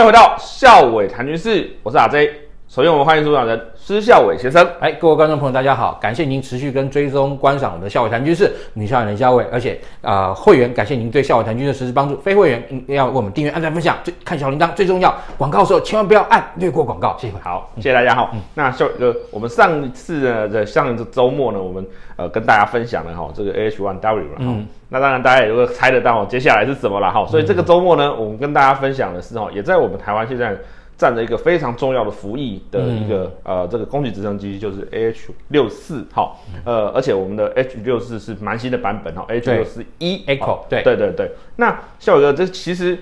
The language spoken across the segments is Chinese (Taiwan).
歡迎回到孝瑋談軍事，我是阿 J。首先，我們歡迎主持人。施孝瑋先生，哎，各位觀眾朋友，大家好，感謝您持續跟追蹤觀賞我們的孝瑋談軍事，我是孝瑋，而且啊、呃，會員感謝您對孝瑋談軍的實質幫助，非會員要為我們訂閱、按讚、分享、最看小鈴鐺最重要，廣告的時候千萬不要按略過廣告，謝謝。好，嗯、謝謝大家好、嗯、那孝呃，我們上一次呢，在上一次周末呢，我們呃跟大家分享了哈，這個 AH-1W，了、嗯、那當然大家也都猜得到，接下來是什麼了哈，嗯、所以這個周末呢，我們跟大家分享的是哈，也在我們台灣現在。佔了一個非常重要的服役的一個、嗯、呃，這個攻擊直升機就是 H 六四，哦、好、嗯，呃，而且我們的 H 六四是蠻新的版本哦，H 六四 E Echo，對對對，對，對那孝瑋哥，這其實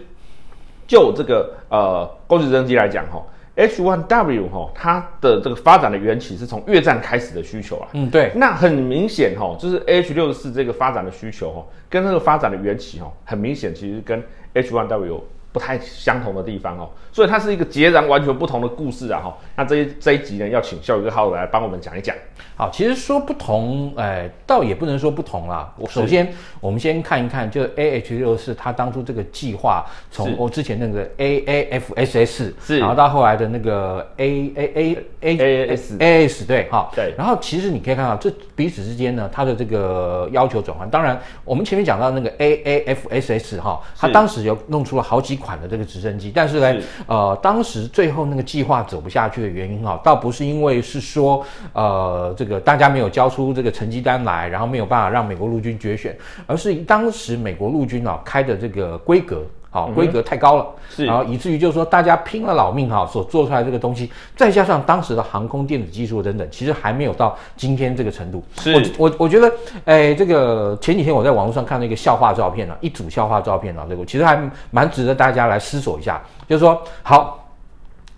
就這個呃攻擊直升機來講，哈、哦、H one W、哦、它的這個發展的緣起是從越戰開始的需求啊，嗯，對。那很明顯哈、哦，就是 H 六四這個發展的需求哈、哦，跟這個發展的緣起哈、哦，很明顯其實跟 H one W。不太相同的地方哦，所以它是一個截然完全不同的故事啊哈、哦。那這一這一集呢，要請孝瑋一個好友來幫我們講一講。好，其實說不同，哎、欸，倒也不能說不同啦。我首先是我們先看一看，就 A H 64他當初這個計劃從我之前那個 A A F SS, S S 是， 然後到後來的那個 A A A A A S A AS S 對哈對。哦、對然後其實你可以看到這彼此之間呢，它的這個要求轉換。當然，我們前面講到那個 A A F S S 哈，他當時有弄出了好幾。款的這個直升機，但是呢，是呃，當時最後那個計劃走不下去的原因啊，倒不是因為是說，呃，這個大家沒有交出這個成績單來，然後沒有辦法讓美國陸軍決選，而是當時美國陸軍啊開的這個規格。好，規格太高了，是、mm，hmm. 然後以至於就是說，大家拼了老命哈、啊，所做出來這個東西，再加上當時的航空電子技術等等，其實還沒有到今天這個程度。是，我我我覺得，哎，這個前幾天我在網絡上看到一個笑話照片了、啊，一組笑話照片了、啊，這個其實還蠻值得大家來思索一下，就是說，好。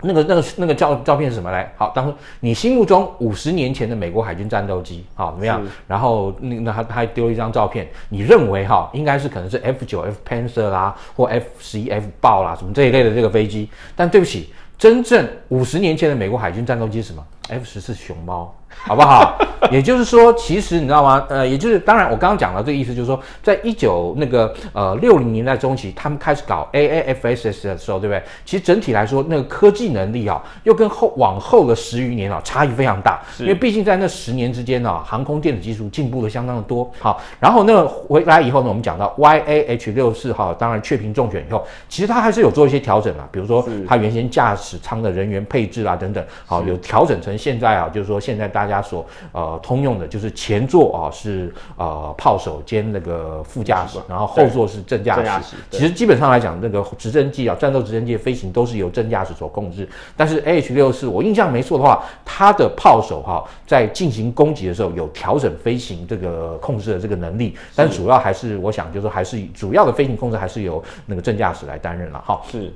那個、那個、那個照照片是什麼來？好，當你心目中五十年前的美國海軍戰鬥機，好怎麼樣？嗯、然後那那他他丟了一張照片，你認為哈應該是可能是 F 九、F Panther 啦，或 F 十一、F 爆啦，什麼這一類的這個飛機？但對不起，真正五十年前的美國海軍戰鬥機是什麼？F 十四熊貓。 好不好？也就是說，其實你知道嗎？呃，也就是當然，我剛剛講到這個意思就是說，在一九那個呃六零年代中期，他們開始搞 A A F S S 的時候，對不對？其實整體來說，那個科技能力啊，又跟後往後的十餘年啊，差異非常大。因為畢竟在那十年之間啊，航空電子技術進步的相當的多。好，然後那回來以後呢，我們講到 Y A H 六四、啊、號，當然雀屏中選以後，其實它還是有做一些調整啊，比如說它原先駕駛艙的人員配置啊等等，好，有調整成現在啊，就是說現在大。大家所呃通用的就是前座啊是呃炮手兼那個副駕駛，是是，然後後座是正駕駛。啊、其實基本上來講，那個直升機啊，戰鬥直升機的飛行都是由正駕駛所控制。但是 AH 六四，64, 我印象沒錯的話，它的炮手哈、啊、在進行攻擊的時候有調整飛行這個控制的這個能力，是但是主要還是我想就是還是主要的飛行控制還是由那個正駕駛來擔任了、啊、哈。是。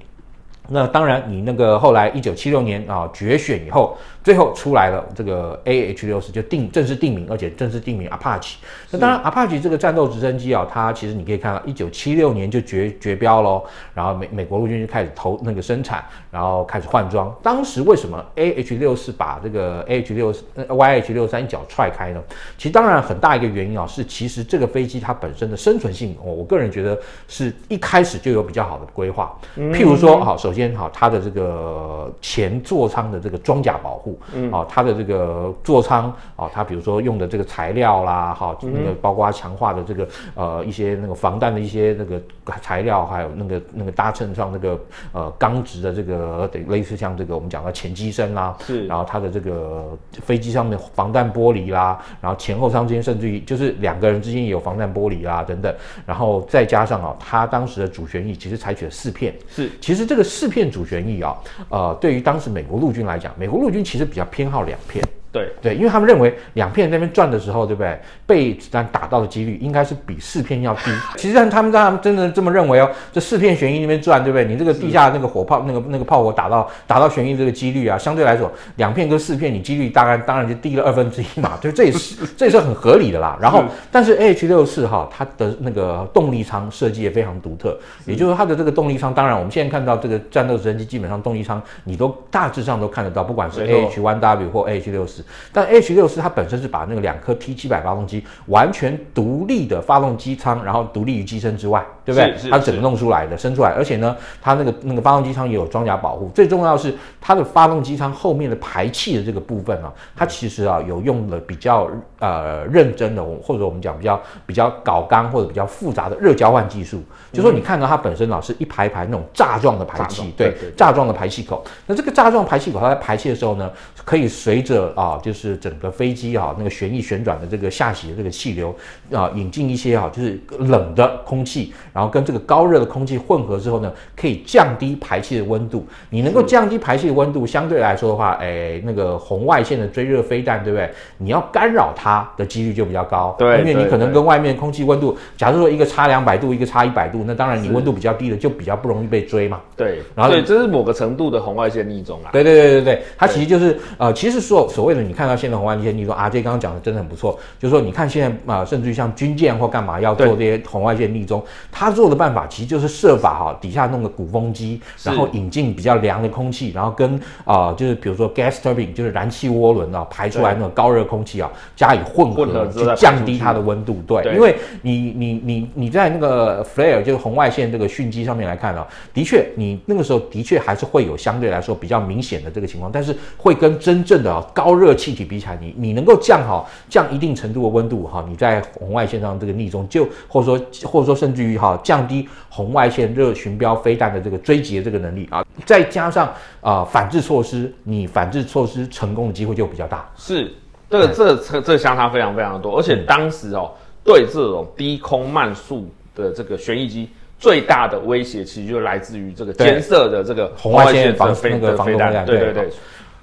那當然，你那個後來一九七六年啊，決選以後，最後出來了這個 A H 六四就定正式定名，而且正式定名 Apache 是。那當然，Apache 這個戰鬥直升機啊，它其實你可以看到，一九七六年就決決、決標嘍，然後美美國陸軍就開始投那個生產，然後開始換裝。當時為什麼 A H 六四把這個 A H 六四呃 Y H 六三一腳踹開呢？其實當然很大一個原因啊，是其實這個飛機它本身的生存性、哦，我個人覺得是一開始就有比較好的規劃、嗯，譬如說好、啊、首。間哈，它的這個前座艙的這個裝甲保護，嗯，啊，它的這個座艙啊，它比如說用的這個材料啦，哈，那個包括它強化的這個呃一些那個防彈的一些那個材料，還有那個那個搭襯上那個呃鋼制的這個類似像這個我們講的前機身啦，是，然後它的這個飛機上面防彈玻璃啦，然後前後艙之間甚至於就是兩個人之間也有防彈玻璃啦等等，然後再加上啊，它當時的主旋翼其實採取了四片，是，其實這個四。四片主旋翼啊，呃，對於當時美國陸軍來講，美國陸軍其實比較偏好兩片。對對，因為他們認為兩片那邊轉的時候，對不對？被子彈打到的幾率應該是比四片要低。其實他們在他真的這麼認為哦。這四片旋翼那邊轉，對不對？你這個地下那個火炮，那個那個炮火打到打到旋翼這個幾率啊，相對來說，兩片跟四片，你幾率大概當然就低了二分之一嘛。就這也是 這也是很合理的啦。然後，是但是 AH 六四哈，它的那個動力艙設計也非常獨特。是也就是說，它的這個動力艙，當然我們現在看到這個戰鬥直升機基本上動力艙，你都大致上都看得到，不管是 AH 1 W 或 AH 六四。但 H 六四它本身是把那個兩顆 T 七百發動機完全獨立的發動機艙，然後獨立於機身之外，對不對？是，是，是，它整個弄出來的，伸出來，而且呢，它那個那個發動機艙也有裝甲保護。最重要的是它的發動機艙後面的排氣的這個部分啊，它其實啊，有用了比較呃認真的，或者我們講比較比較搞剛或者比較複雜的熱交換技術。嗯、就是說你看到它本身老是一排一排那種炸狀的排氣，炸壯，對，對對炸狀的排氣口。那這個炸狀排氣口它在排氣的時候呢，可以隨着啊。就是整個飛機，哦，那個旋翼，旋轉的這個下洗的這個氣流。啊，引進一些啊，就是冷的空氣，然後跟這個高熱的空氣混合之後呢，可以降低排氣的溫度。你能夠降低排氣的溫度，相對來說的話，哎，那個紅外線的追熱飛彈，對不對？你要干擾它的幾率就比較高。對，因為你可能跟外面空氣溫度，假如說一個差兩百度，一個差一百度，那當然你溫度比較低的就比較不容易被追嘛。對，然後對，這是某個程度的紅外線匿蹤啊。對對對對對，對對對對對，它其實就是呃，其實說所謂的你看到現在紅外線匿蹤，你說啊，這剛剛講的真的很不錯，就是說你看現在啊、呃，甚至於像。像軍艦或幹嘛要做這些紅外線逆中，對他做的辦法其實就是設法哈、哦、底下弄個鼓風機，是然後引進比較涼的空氣，然後跟啊、呃、就是比如說 gas turbine 就是燃氣渦輪啊排出來那個高熱空氣啊加以混合，去降低它的溫度。對，對因為你你你你在那個 flare 就是紅外線這個訊息上面來看呢、哦，的確你那個時候的確還是會有相對來說比較明顯的這個情況，但是會跟真正的高熱氣體比起來，你你能夠降好，降一定程度的溫度哈，你在。紅外線上這個逆中，就或者說或者說甚至於哈、哦、降低紅外線熱尋標飛彈的這個追擊的這個能力啊，再加上啊、呃、反制措施，你反制措施成功的機會就比較大。是、嗯這個，這個這這相差非常非常多，而且當時哦對這種低空慢速的這個旋翼機最大的威脅，其實就來自於這個肩射的這個紅外線,飛紅外線那個防空飛彈，對對對,對。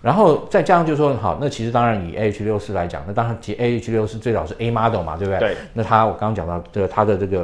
然後再加上就說好，那其實當然以 A H 六四來講，那當然 A H 六四最早是 A model 嘛，對不對？對。那它我剛剛講到的、這個、它的這個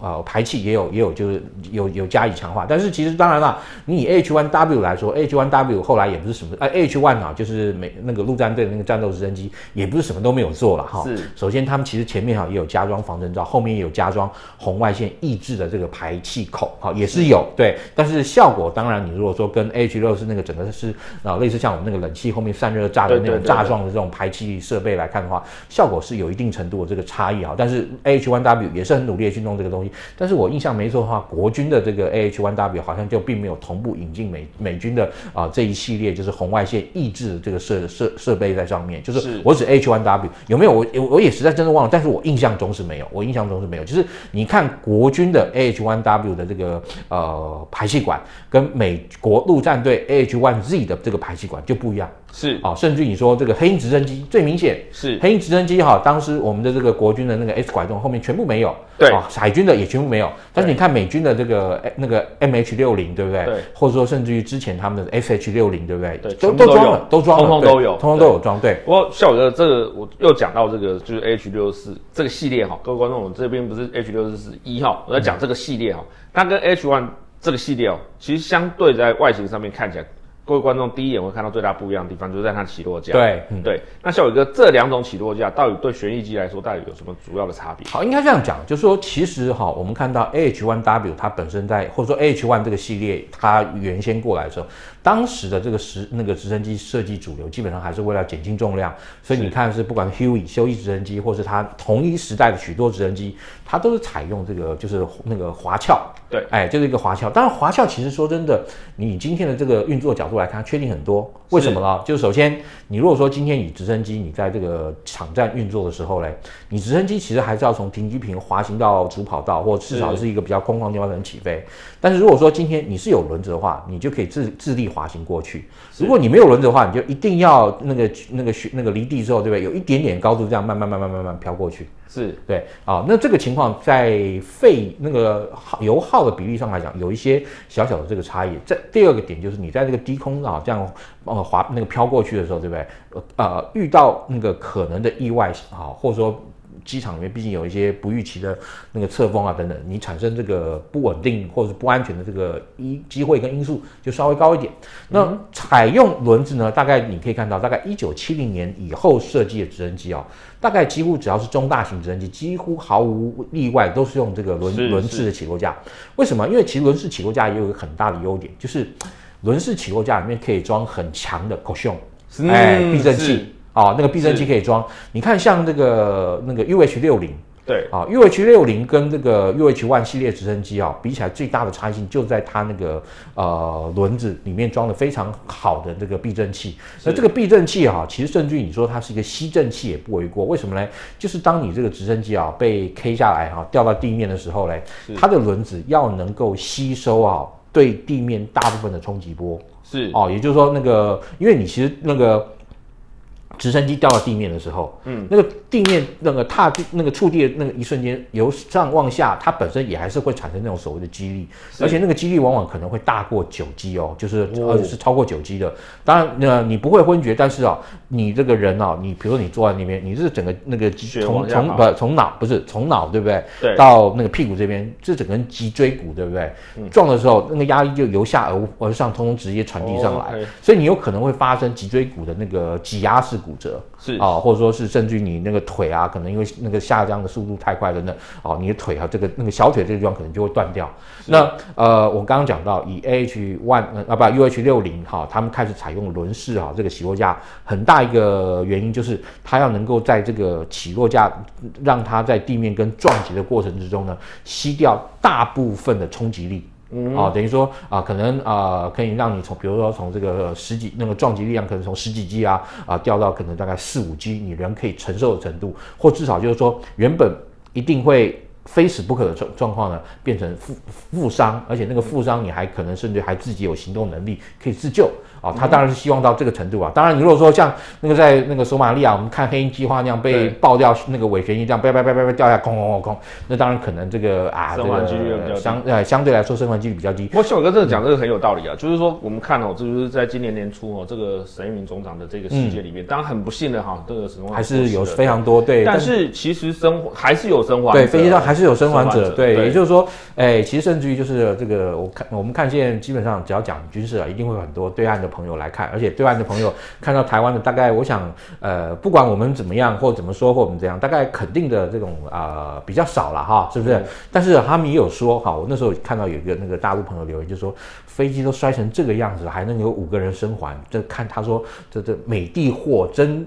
呃排氣也有也有就是有有加以強化，但是其實當然了，你以 H one W 來說，H one W 後來也不是什麼、啊、H one 啊，就是美那個陸戰隊的那個戰鬥直升機也不是什麼都沒有做了哈。哦、是。首先他們其實前面哈、啊、也有加裝防震罩，後面也有加裝紅外線抑制的這個排氣口哈、哦，也是有，對，是但是效果當然你如果說跟 A H 六四那個整個是啊類似，像我們那個冷氣後面散熱柵的那種柵狀的這種排氣設備來看的話，對對對對，效果是有一定程度的這個差異啊，但是 H One W 也是很努力去弄這個東西。但是我印象沒錯的話，國軍的這個 H One W 好像就並沒有同步引進美美軍的啊、呃、這一系列就是紅外線抑制的這個設設設備在上面。就是我指 H One W 有沒有我我也實在真的忘了。但是我印象中是沒有，我印象中是沒有。就是你看國軍的 H One W 的這個呃排氣管跟美國陸戰隊 H、AH、One Z 的這個排氣管。管就不一樣，是哦，甚至你說這個黑鷹直升機最明顯是黑鷹直升機哈，當時我們的這個國軍的那個 S 拐洞後面全部沒有，對啊，海軍的也全部沒有，但是你看美軍的這個那個 MH 六零對不對？對，或者說甚至於之前他們的 SH 六零對不對？對，都都裝了，都裝，通通都有，通通都有裝。對，不過孝瑋哥，這個我又講到這個就是 H 六四這個系列哈，各位觀眾，我這邊不是 H 六四是一號，我在講這個系列哈，它跟 H one 這個系列哦，其實相對在外形上面看起來。各位觀眾，第一眼會看到最大不一樣的地方，就是在它起落架。對，嗯、對。那孝瑋哥，這兩種起落架到底對旋翼機來說，到底有什麼主要的差別？好，應該這樣講，就是說，其實哈、哦，我們看到 AH1W 它本身在，或者說 AH1 這個系列，它原先過來的時候。當時的這個時，那個直升機設計主流基本上還是為了減輕重量，是所以你看是不管 Huey 休伊直升機，或是它同一時代的許多直升機，它都是採用這個就是那個滑橇。對，哎，就是一個滑橇。當然，滑橇其實說真的，你以今天的這個運作角度來看，它缺點很多。為什麼呢？是就首先，你如果說今天以直升機你在這個場站運作的時候嘞，你直升機其實還是要從停機坪滑行到主跑道，或至少是一個比較空曠的地方才能起飛。是，但是如果說今天你是有輪子的話，你就可以自自立。滑行過去，如果你沒有輪子的話，你就一定要那個那個那個離地之後，對不對？有一點點高度，這樣慢慢慢慢慢慢飄過去，是對。啊、呃，那這個情況在費那個耗油耗的比例上來講，有一些小小的這個差異。這第二個點就是，你在這個低空啊、呃，這樣呃滑那個飄過去的時候，對不對？呃，遇到那個可能的意外啊、呃，或者說。機場裡面畢竟有一些不預期的那個側風啊等等，你產生這個不穩定或者是不安全的這個因機會跟因素就稍微高一點。嗯、那採用輪子呢，大概你可以看到，大概一九七零年以後設計的直升機哦，大概幾乎只要是中大型直升機，幾乎毫無例外都是用這個輪輪式的起落架。為什麼？因為其實輪式起落架也有一個很大的優點，就是輪式起落架裡面可以裝很強的 cushion，、嗯哎、避震器。啊、哦，那個避震器可以裝。是你看，像這個那個 U H 60，對、啊、UH 六零，對啊，UH 六零跟這個 UH 1系列直升機啊比起來，最大的差異性就在它那個呃輪子裡面裝的非常好的這個避震器。那是這個避震器啊，其實甚至於你說它是一個吸震器也不為過。為什麼呢？就是當你這個直升機啊被 K 下來哈、啊，掉到地面的時候呢，是它的輪子要能夠吸收啊對地面大部分的衝擊波。是哦，也就是說，那個因為你其實那個。直升機掉到地面的時候，嗯，那個地面那個踏那個觸地的那個一瞬間，由上往下，它本身也還是會產生那種所謂的 G 力，是而且那個 G 力往往可能會大過九 G 哦，就是、哦、而且是超過九 G 的。當然呢，那你不會昏厥，但是啊、喔，你這個人啊、喔，你比如說你坐在那邊，你是整個那個從從不從腦不是從腦，對不對？對到那個屁股這邊，這整個脊椎骨對不對？嗯、撞的時候，那個壓力就由下而而上，通通直接傳遞上來，哦 okay、所以你有可能會發生脊椎骨的那個擠壓式。骨折是啊、哦，或者說是甚至於你那個腿啊，可能因為那個下降的速度太快了呢，哦，你的腿啊，這個那個小腿這個地方可能就會斷掉。是那呃，我剛剛講到以 A H one 啊不 U H 六零，哦、哈，他們開始採用輪式哈、哦，這個起落架很大一個原因就是它要能夠在這個起落架讓它在地面跟撞擊的過程之中呢，吸掉大部分的衝擊力。啊、嗯呃，等於說啊、呃，可能啊、呃，可以讓你從，比如說從這個十幾那個撞擊力量，可能從十幾 G 啊啊、呃，掉到可能大概四五 G，你人可以承受的程度，或至少就是說，原本一定會非死不可的狀狀況呢，變成負負傷，而且那個負傷你還可能甚至還自己有行動能力，可以自救。他當然是希望到這個程度啊。當然，你如果說像那個在那個索馬利亞，我們看黑鷹計劃那樣被爆掉那個尾旋翼，這樣叭叭叭叭叭掉下，空空空，那當然可能這個啊，生還幾率比較相，哎，相對來說生還幾率比較低。不過秀哥真的講這個很有道理啊，就是說我們看這就是在今年年初哦，這個沈一鳴總長的這個事件裡面，當然很不幸的哈，這個時候還是有非常多對。但是其實生還是有生還，對，飛機上還是有生還者，對，也就是說，哎，其實甚至於就是這個，我看我們看現在，基本上只要講軍事啊，一定會有很多對岸的。朋友來看，而且對岸的朋友看到台灣的大概，我想，呃，不管我們怎麼樣，或怎麼說，或我們怎樣，大概肯定的這種啊、呃、比較少了哈，是不是？嗯、但是他們也有說哈，我那時候看到有一個那個大陸朋友留言，就說飛機都摔成這個樣子，還能有五個人生還，這看他說這這美帝貨真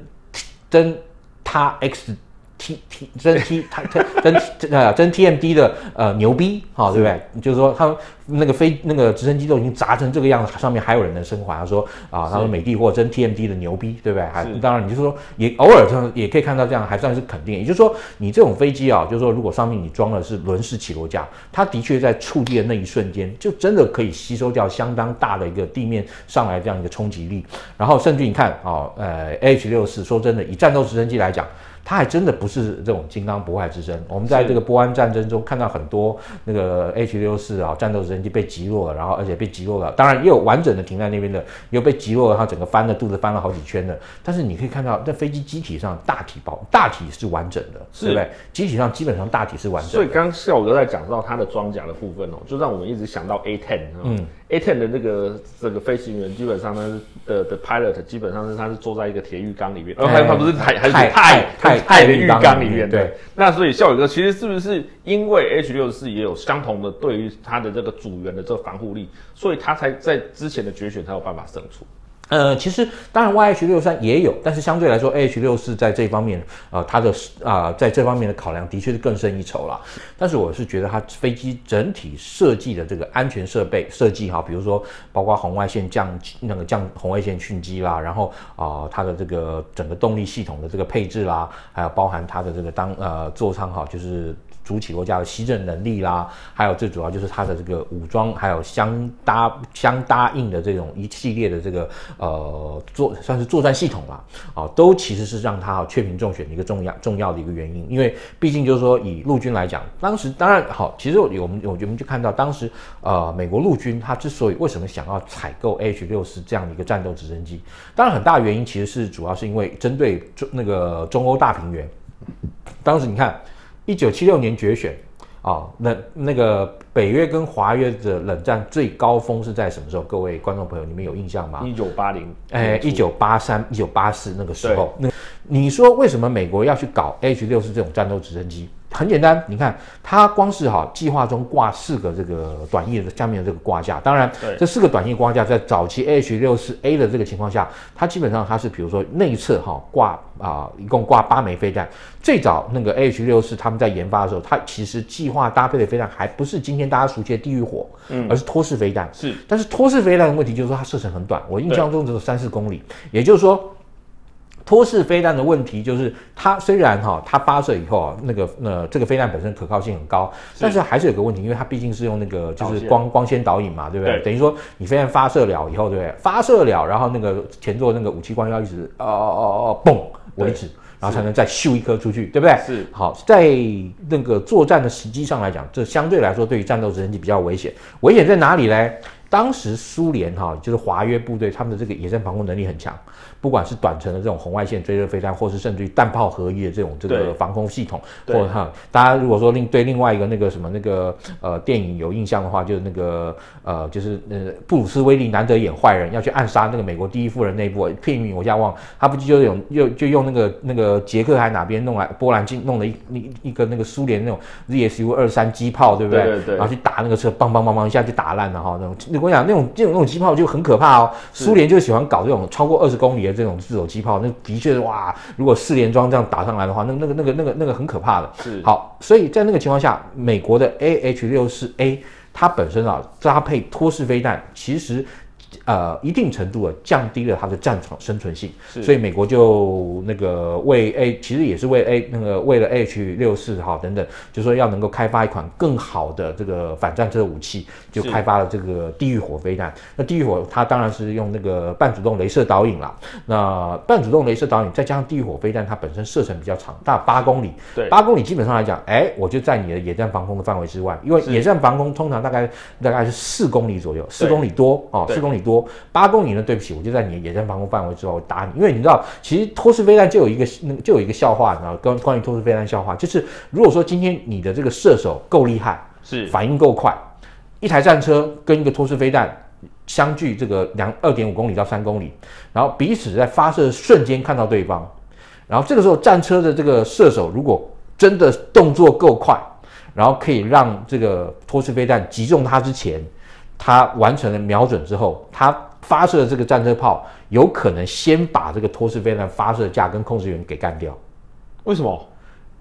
真他 X、D。T t, t t 真 T 它它真 T 啊真 T M D 的，呃牛逼哈，對不對？就是說，它那個飛那個直升機都已經砸成這個樣子，上面還有人能生還。他說啊，他說美帝或者真 T M D 的牛逼，對不對？還 音 overall 當然，你就是說，也偶爾也、嗯、也可以看到這樣，還算是肯定。也就是說，你這種飛機啊，就是說，如果上面你裝的是輪式起落架，它的確在觸地的那一瞬間，就真的可以吸收掉相當大的一個地面上來這樣一個衝擊力。然後，甚至你看啊、哦，呃，H 六四，64說真的，以戰鬥直升機來講。他還真的不是這種金剛不壞之身。我們在這個波灣戰爭中看到很多那個 H 六四啊，戰鬥直升機被擊落了，然後而且被擊落了。當然也有完整的停在那邊的，也有被擊落，它整個翻了肚子，翻了好幾圈的。但是你可以看到，在飛機機體上大體包大體是完整的，是對不對？機體上基本上大體是完整的。所以剛剛孝瑋哥在講到它的裝甲的部分哦，就讓我們一直想到 A-10 嗯。A10 的這、那個這個飛行員基本上呢的的 pilot 基本上是他是坐在一個鐵浴缸裡面，欸、而他他不是海還是鈦鈦台台的浴缸裡面的。對，那所以孝瑋哥其實是不是因為 H64 也有相同的對於它的這個組員的這個防護力，所以他才在之前的決選才有辦法勝出。呃，其實當然，YH 六三也有，但是相對來說，AH 六四在這方面，呃，它的啊、呃，在這方面的考量的確是更勝一籌啦。但是我是覺得它飛機整體設計的這個安全設備設計哈，比如說包括紅外線降那個降紅外線訊跡啦，然後啊、呃，它的這個整個動力系統的這個配置啦，還有包含它的這個當呃座艙哈，就是。主起落架的吸震能力啦，還有最主要就是它的這個武裝，還有相搭相搭應的這種一系列的這個呃作算是作戰系統啦，啊、呃，都其實是讓它雀屏中選的一個重要重要的一個原因。因為畢竟就是說以陸軍來講，當時當然好，其實我們有我們就看到當時呃美國陸軍它之所以為什麼想要採購 H 六四這樣的一個戰鬥直升機，當然很大原因其實是主要是因為針對中那個中歐大平原，當時你看。一九七六年決選，啊、哦，那那個北約跟華約的冷戰最高峰是在什麼時候？各位觀眾朋友，你們有印象嗎？一九八零，哎，一九八三、一九八四那個時候，對那你說為什麼美國要去搞 H 六四這種戰鬥直升機？很簡單，你看它，光是哈計劃中掛四個這個短翼下面的這個掛架，當然對這四個短翼掛架在早期 A H 六四 A 的這個情況下，它基本上它是比如說內側哈掛啊、呃、一共掛八枚飛彈。最早那個 A H 六四他們在研發的時候，它其實計劃搭配的飛彈還不是今天大家熟悉的地獄火，嗯，而是拖式飛彈。是，但是拖式飛彈的問題就是說它射程很短，我印象中只有三四公里，對也就是說。拖式飛彈的問題就是，它雖然哈、啊，它發射以後啊，那個呃，那這個飛彈本身可靠性很高，是，但是還是有個問題，因為它畢竟是用那個就是光線光纖導引嘛，對不對？對，等於說你飛彈發射了以後，對不對？發射了，然後那個前座那個武器光要一直哦哦哦哦蹦為止，對然後才能再咻一顆出去，對，對不對？是。好，在那個作戰的時機上來講，這相對來說對於戰鬥直升機比較危險。危險在哪裡呢？當時蘇聯哈，就是華約部隊，他們的這個野戰防空能力很強。不管是短程的這種紅外線追熱飛彈，或是甚至於彈炮合一的這種這個防空系統，對或者哈，對大家如果說另對另外一個那個什麼那個呃電影有印象的話，就是那個呃就是呃布魯斯威利難得演壞人要去暗殺那個美國第一夫人那部片名我一下忘，他不就用又、嗯、就，就用那個那個捷克還哪邊弄來波蘭進弄了一一一個那個蘇聯那種 ZSU 二三機炮，對不對？對對對，然後去打那個車，砰砰砰一下就打爛了哈。那種，你跟我講，那種那種那種機炮就很可怕哦，蘇聯是就喜歡搞這種超過二十公里。這種自走機炮那的確是哇！如果四連裝這樣打上來的話，那那個那個那個那個很可怕的。是好，所以在那個情況下，美國的 AH-64A 它本身啊，搭配托式飛彈，其實。呃，一定程度的降低了它的戰場生存性，是所以美國就那個為哎，其實也是為哎，那個為了 H64 號、喔、等等，就說要能夠開發一款更好的這個反戰車武器，就開發了這個地獄火飛彈。是那地獄火它當然是用那個半主動雷射導引啦，那半主動雷射導引再加上地獄火飛彈，它本身射程比較長，達八公里。對，八公里基本上來講，哎、欸，我就在你的野戰防空的範圍之外，因為野戰防空通常大概大概是四公里左右，四公里多哦，四、喔、對公里。多八公里呢，對不起，我就在你野戰防空範圍之外，我打你。因為你知道，其實拖式飛彈就有一個，那就有一個笑話呢，跟關於拖式飛彈笑話，就是如果說今天你的這個射手夠厲害，是反應夠快，一台戰車跟一個拖式飛彈相距這個兩二點五公里到三公里，然後彼此在發射瞬間看到對方，然後這個時候戰車的這個射手如果真的動作夠快，然後可以讓這個拖式飛彈擊中它之前，他完成了瞄準之後，他發射的這個戰車炮有可能先把這個托式飛彈發射架跟控制員給幹掉。為什麼？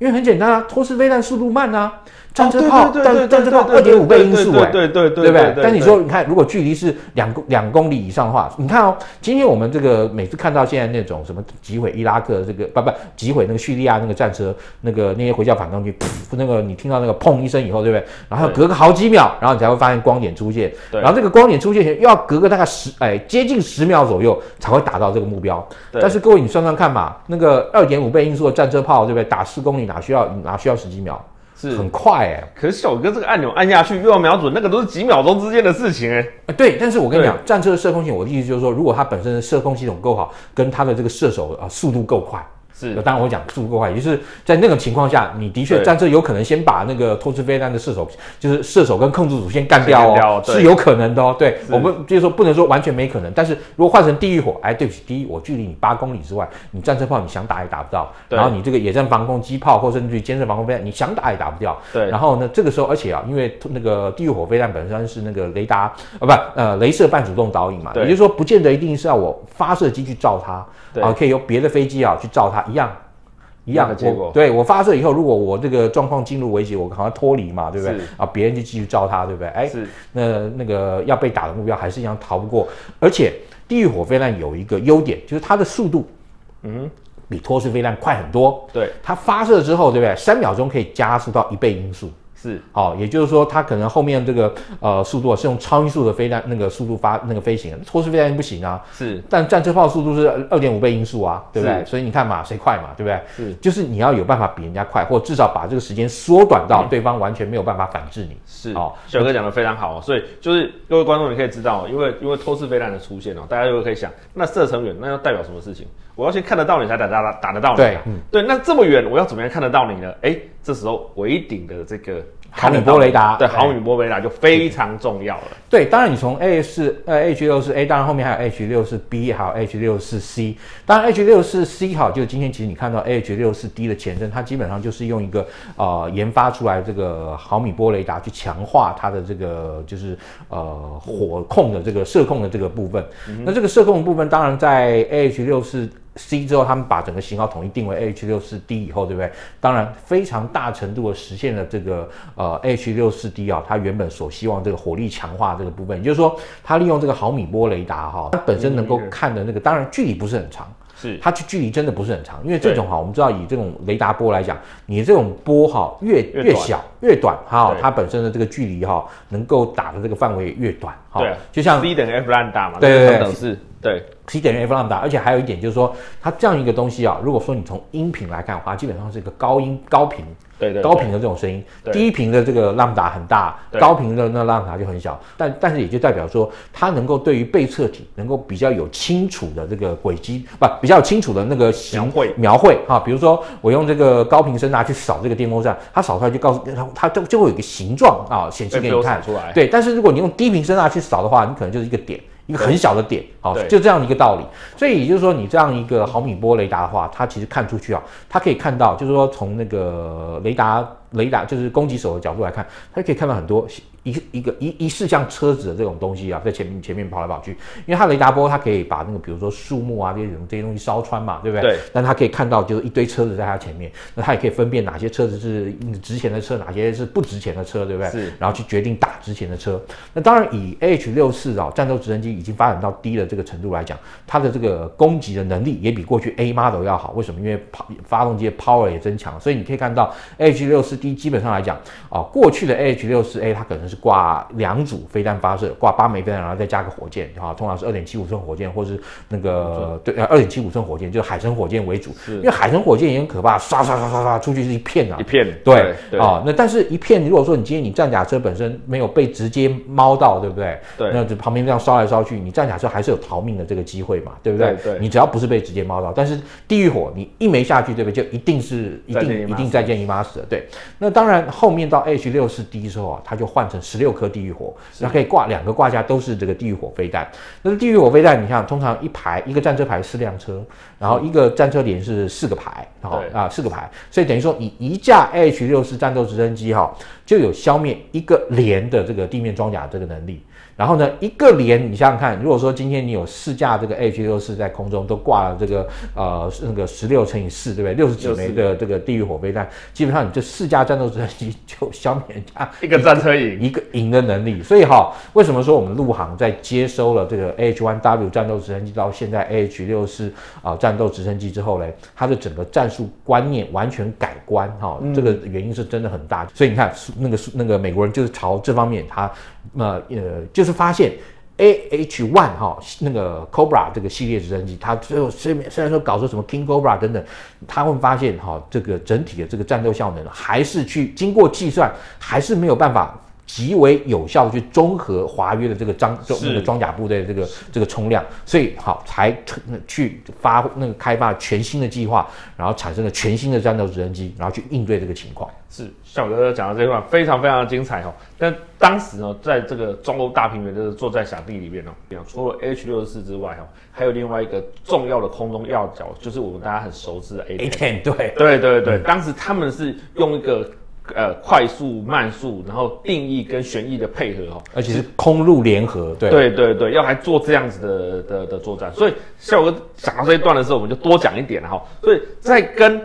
因為很簡單啊，托式飛彈速度慢啊。戰車炮，哦、但戰車炮二點五倍音速，哎，對對對，對不對,對？但你說，你看，如果距離是兩公兩公里以上的話，你看哦，今天我們這個每次看到現在那種什麼擊毀伊拉克這個，不不，擊毀那個敘利亞那個戰車，那個那些回教反抗軍，噗，那個你聽到那個砰一聲以後，對不對？然後隔個好幾秒，然後你才會發現光點出現，對 然後這個光點出現前又要隔個大概十哎、欸，接近十秒左右才會達到這個目標。對 但是各位，你算算看嘛，那個二點五倍音速的戰車炮，對不對？打四公里哪需要哪需要十幾秒？是很快，哎、欸，可是小哥這個按鈕按下去又要瞄準，那個都是幾秒鐘之間的事情哎、欸。啊、呃，對，但是我跟你講，對戰車的射控系統，我的意思就是說，如果它本身的射控系統夠好，跟它的這個射手啊、呃、速度夠快。是，當然我講速度夠快，也就是在那種情況下，你的確戰車有可能先把那個拖式飛彈的射手，對就是射手跟控制組先幹掉哦，是有可能的哦。對，是我們就是說不能說完全沒可能，但是如果換成地獄火，哎，對不起，第一我距離你八公里之外，你戰車炮你想打也打不到，對然後你這個野戰防空機炮或甚至於肩射防空飛彈，你想打也打不掉。對，然後呢，這個時候而且啊，因為那個地獄火飛彈本身是那個雷達、啊、呃，不呃，雷射半主動導引嘛，對也就是說不見得一定是要我發射機去照它，對啊，可以由別的飛機啊去照它。一樣一樣的結果，對我發射以後，如果我這個狀況進入危機，我趕快脫離嘛，對不對？是啊，別人就繼續照他，對不對？哎、欸，是那那個要被打的目標還是一樣逃不過。而且地獄火飛彈有一個優點，就是它的速度，嗯，比拖式飛彈快很多。對、嗯，它發射之後，對不對？三秒鐘可以加速到一倍音速。是，好、哦，也就是說，它可能後面這個呃速度是用超音速的飛彈那個速度發那個飛行，拖式飛彈不行啊。是，但戰車炮速度是二點五倍音速啊，的對不對？所以你看嘛，誰快嘛，對不對？是，就是你要有辦法比人家快，或至少把這個時間縮短到對方完全沒有辦法反制你。是，好，小哥講的非常好，所以就是各位觀眾，你可以知道，因為因為拖式飛彈的出現哦，大家就可以想，那射程遠，那要代表什麼事情？我要先看得到你才打打打打得到你啊。對、嗯、對，那這麼遠，我要怎麼樣看得到你呢？哎、欸，這時候尾頂的這個毫米波雷達，對毫米波雷達對、欸、就非常重要了。對，當然你從 A 四呃 H 64 A，當然後面還有 H 64 B，還有 H 64 C。當然 H 64 C 好，就今天其實你看到 A H 64 D 的前身，它基本上就是用一個呃研發出來這個毫米波雷達去強化它的這個就是呃火控的這個射控的這個部分。嗯嗯，那這個射控的部分，當然在 A H 64 C 之後，他們把整個型號統一定為 H 六四 D 以後，對不對？當然，非常大程度地實現了這個呃 H 六四 D 啊、哦，它原本所希望這個火力強化這個部分，也就是說，它利用這個毫米波雷達哈、哦，它本身能夠看的那個，當然距離不是很長，是它、嗯嗯嗯嗯、距離真的不是很長，是因為這種哈對，我們知道以這種雷達波來講，你這種波哈越越小越短哈，它對本身的這個距離哈，能夠打的這個範圍越短哈，對、啊，就像 C 等於 F 亂打嘛，對等是對對對對。是對，C 等於 F Lambda，而且還有一點就是說，它這樣一個東西啊，如果說你從音頻來看的話，基本上是一個高音高頻，對，對對，高頻的這種聲音，對低頻的這個 Lambda 很大，對高頻的那 Lambda 就很小，但但是也就代表說，它能夠對於被測體能夠比較有清楚的這個軌跡，不，比較有清楚的那個形，繪描繪，描繪啊，比如說我用這個高頻聲吶去掃這個電風扇，它掃出來就告訴它它就就會有一個形狀啊，顯示給你看對出來，對，但是如果你用低頻聲吶去掃的話，你可能就是一個點。一個很小的點，好、哦，就這樣一個道理。所以也就是說，你這樣一個毫米波雷達的話，它其實看出去啊，它可以看到，就是說從那個雷達雷達就是攻擊手的角度來看，它可以看到很多一一個一一四像車子的這種東西啊，在前面前面跑來跑去，因為它的雷達波它可以把那個比如說樹木啊這些東這些東西燒穿嘛，對不對？對。但它可以看到就是一堆車子在它前面，那它也可以分辨，哪些車子是值錢的車，哪些是不值錢的車，對不對？是。然後去決定打值錢的車。那當然，以 A H 六四啊，戰鬥直升機已經發展到 D 的這個程度來講，它的這個攻擊的能力也比過去 A model 要好。為什麼？因為發發動機的 power 也增強，所以你可以看到 A H 六四 D 基本上來講啊，過去的 A H 六四 A 它可能是。掛兩組飛彈發射，掛八枚飛彈，然後再加個火箭，啊，通常是二點七五寸火箭，或是那個、嗯、是對，二點七五寸火箭就是海神火箭為主，是因為海神火箭也很可怕，刷刷刷刷出去是一片啊，一片，對，啊，那但是，一片對如果說你今天你戰甲車本身沒有被直接貓到，對不對？對，那就旁邊這樣燒來燒去，你戰甲車還是有逃命的這個機會嘛，對不對？對，對，你只要不是被直接貓到，但是地獄火你一枚下去，對不對？就一定是一定一，一定再見姨媽死的，對。那當然後面到 H64D 的時候啊，它就換成。十六顆地獄火，那的可以掛兩個掛架，都是這個地獄火飛彈。那地獄火飛彈，你看，通常一排一個戰車排四輛車，然後一個戰車連是四個排，好啊對、哦，四個排，所以等於說以一架 AH-64 戰鬥直升機哈、哦，就有消滅一個連的這個地面裝甲的這個能力。然後呢，一個連你想想看，如果說今天你有四架這個 A H 六四，在空中都掛了這個呃那個十六乘以四，對不對？六十幾枚的這個地獄火飛彈，基本上你這四架戰鬥直升機就消滅人家一個一個戰車營一個營的能力。所以哈、哦，為什麼說我們陸航在接收了這個 A H 1 W 戰鬥直升機到現在 A H 六四啊戰鬥直升機之後呢？它的整個戰術觀念完全改觀哈，哦嗯、這個原因是真的很大。所以你看那個那個美國人就是朝這方面他。那、嗯、呃，就是發現 AH-1 哈、哦，那個 Cobra 這個系列直升機，它最後雖雖然說搞出什麼 King Cobra 等等，他們發現哈、哦，這個整體的這個戰鬥效能還是去經過計算，還是沒有辦法。極為有效的去綜合華約的這個裝那個裝甲部隊的這個是這個衝量，所以好才去發那個開發全新的計劃，然後產生了全新的戰鬥直升機，然後去應對這個情況。是像我剛剛講的這段非常非常精彩哦。但當時呢，在這個中歐大平原就是坐在小地裡面哦，除了 H 六十四之外哦，還有另外一個重要的空中要角，就是我們大家很熟知的 A-10，A-10 對對對對，對嗯、當時他們是用一個。呃，快速、慢速，然後定翼跟旋翼的配合哦，而且是空陸聯合，對對對對，要還做這樣子的的的作戰，所以孝瑋哥講到這一段的時候，我們就多講一點哈、哦，所以在跟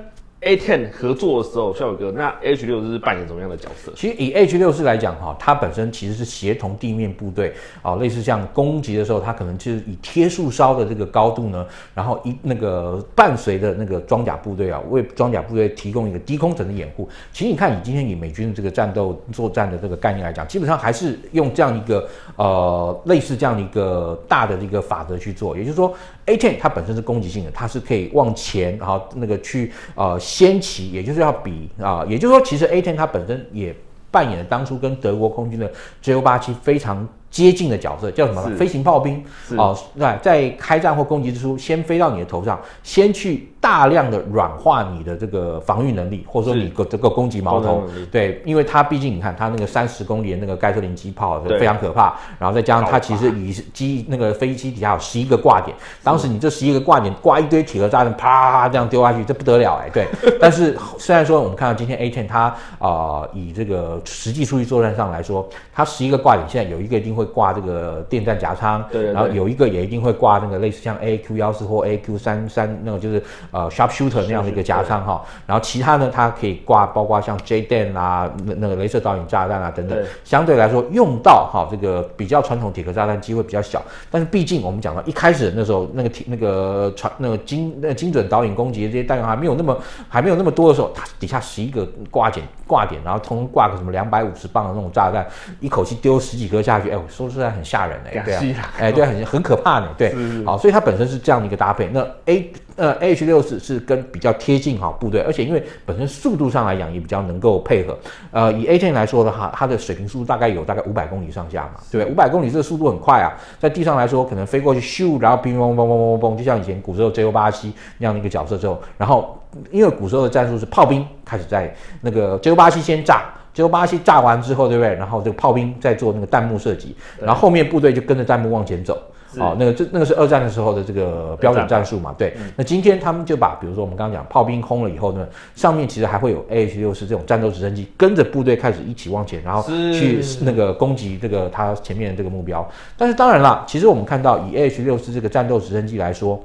A10 合作的時候，孝瑋哥，那 H6 是扮演什麼樣的角色？其實以 H64 來講哈，它本身其實是協同地面部隊啊、呃，類似像攻擊的時候，它可能就是以貼樹梢的這個高度呢，然後一那個伴隨的那個裝甲部隊啊，為裝甲部隊提供一個低空層的掩護。其實你看，你今天以美軍的這個戰鬥作戰的這個概念來講，基本上還是用這樣一個呃類似這樣一個大的一個法則去做，也就是說，A10 它本身是攻擊性的，它是可以往前，然後那個去呃。先起，也就是要比啊、呃，也就是說，其實 A-10 它本身也扮演了當初跟德國空軍的 JU-87 非常接近的角色，叫什麼？是飛行炮兵啊，在是、呃、在開戰或攻擊之初，先飛到你的頭上，先去。大量的軟化你的這個防禦能力，或者說你個這個攻擊矛頭，矛盾對，因為它畢竟你看它那個三十公厘的那個蓋特林機炮對非常可怕，然後再加上它其實以機那個飛機底下有十一個掛點，當時你這十一個掛點掛一堆鐵殼炸彈，啪這樣丟下去，這不得了哎、欸，對。 但是雖然說我們看到今天 A10 它啊、呃、以這個實際數據作戰上來說，它十一個掛點現在有一個一定會掛這個電戰莢艙，對，然後有一個也一定會掛那個類似像 A Q 幺四或 A Q 三三那種就是。呃，Sharpshooter 那樣的一個夾艙，哈，是是然後其他呢，它可以掛，包括像 JDAM 啊，那那個雷射導引炸彈啊等等，對相對來說用到哈、哦、這個比較傳統鐵殼炸彈機會比較小，但是畢竟我們講到一開始那時候那個鐵那個傳那個精那個、精準導引攻擊的這些彈藥還沒有那麼還沒有那麼多的時候，它底下十一個掛點掛點，然後通掛個什麼兩百五十磅的那種炸彈，一口氣丟十幾顆下去，哎，說實在很嚇人呢。對啊，哎、欸，對，很很可怕呢，對，好，所以它本身是這樣的一個搭配，那 A。呃，A H 六四是跟比較貼近哈部隊，而且因為本身速度上來講也比較能夠配合。呃，以 A 10來說的話，它的水平速度大概有大概五百公里上下嘛，對，五百公里這個速度很快啊，在地上來說可能飛過去咻，然後乒乓乓乓乓乓乓，就像以前古時候 Ju 八七那樣的一個角色之後，然後因為古時候的戰術是炮兵開始在那個 Ju 八七先炸，Ju 八七炸完之後，對不對？然後這個炮兵再做那個彈幕射擊，然後後面部隊就跟着彈幕往前走。哦，那個這那個是二戰的時候的這個標準戰術嘛？是對，嗯、那今天他們就把比如說我們剛剛講炮兵空了以後呢，上面其實還會有 AH-64 這種戰鬥直升機跟着部隊開始一起往前，然後去那個攻擊這個它前面的這個目標。是但是當然了，其實我們看到以 AH-64 這個戰鬥直升機來說，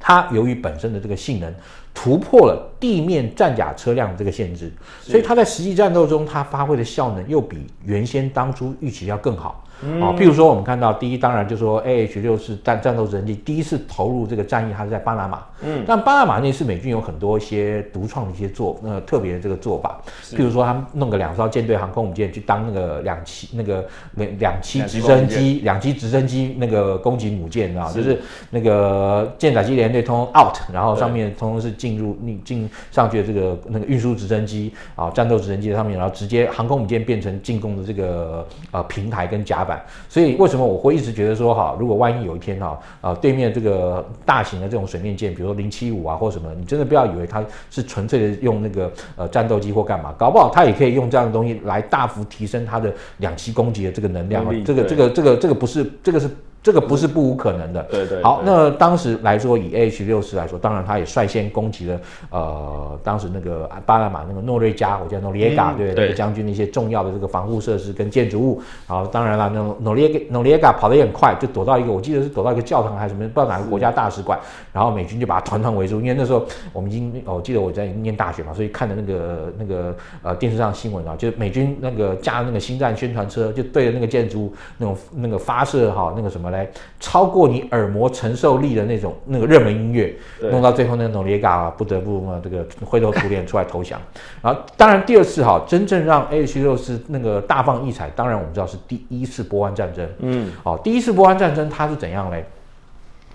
它由於本身的這個性能突破了。地面戰甲車輛這個限制，是所以它在實際戰鬥中，它發揮的效能又比原先當初預期要更好、嗯、啊。譬如說，我們看到第一，當然就是說，A、嗯、H 六是戰戰鬥直升機第一次投入這個戰役，它是在巴拿馬。嗯，但巴拿馬那次美軍有很多一些獨創的一些做呃、那個、特別的這個做法，是譬如說，他們弄個兩艘艦隊航空母艦去當那個兩棲那個兩兩棲直升機兩棲直升機那個攻擊母艦啊是，就是那個艦載機聯隊通通 out，然後上面通通是進入進。對上去的這個那個運輸直升機啊，戰鬥直升機的上面，然後直接航空母艦變成進攻的這個呃平台跟甲板。所以為什麼我會一直覺得說哈、啊，如果萬一有一天哈、啊，啊，對面這個大型的這種水面艦，比如說零七五啊或什麼，你真的不要以為它是純粹的用那個呃戰鬥機或幹嘛，搞不好它也可以用這樣的東西來大幅提升它的兩棲攻擊的這個能量。力這個對這個這個這個不是，這個是。這個不是不無可能的。嗯、對,對對。好，那當時來說，以 A H 六四來說，當然他也率先攻擊了呃，當時那個巴拿馬那個諾瑞加，我叫諾裡亞嘎對對？對對將軍的一些重要的這個防護設施跟建築物。好，當然了，那諾裡亞諾裡亞嘎跑得也很快，就躲到一個，我記得是躲到一個教堂還是什麼，不知道哪個國家大使館。是然後美軍就把他團團圍住，因為那時候我們已經，我記得我在念大學嘛，所以看的那個那個呃電視上新聞啊，就是美軍那個駕那個心戰宣傳車，就對着那個建築物那種那個發射哈、啊、那個什麼。來超過你耳膜承受力的那種那個熱門音樂，弄到最後那種諾瑞加不得不這個灰頭土臉出來投降。啊， 當然第二次哈，真正讓 A H 六四那個大放異彩。當然我們知道是第一次波灣戰爭，嗯，哦，第一次波灣戰爭它是怎樣嘞？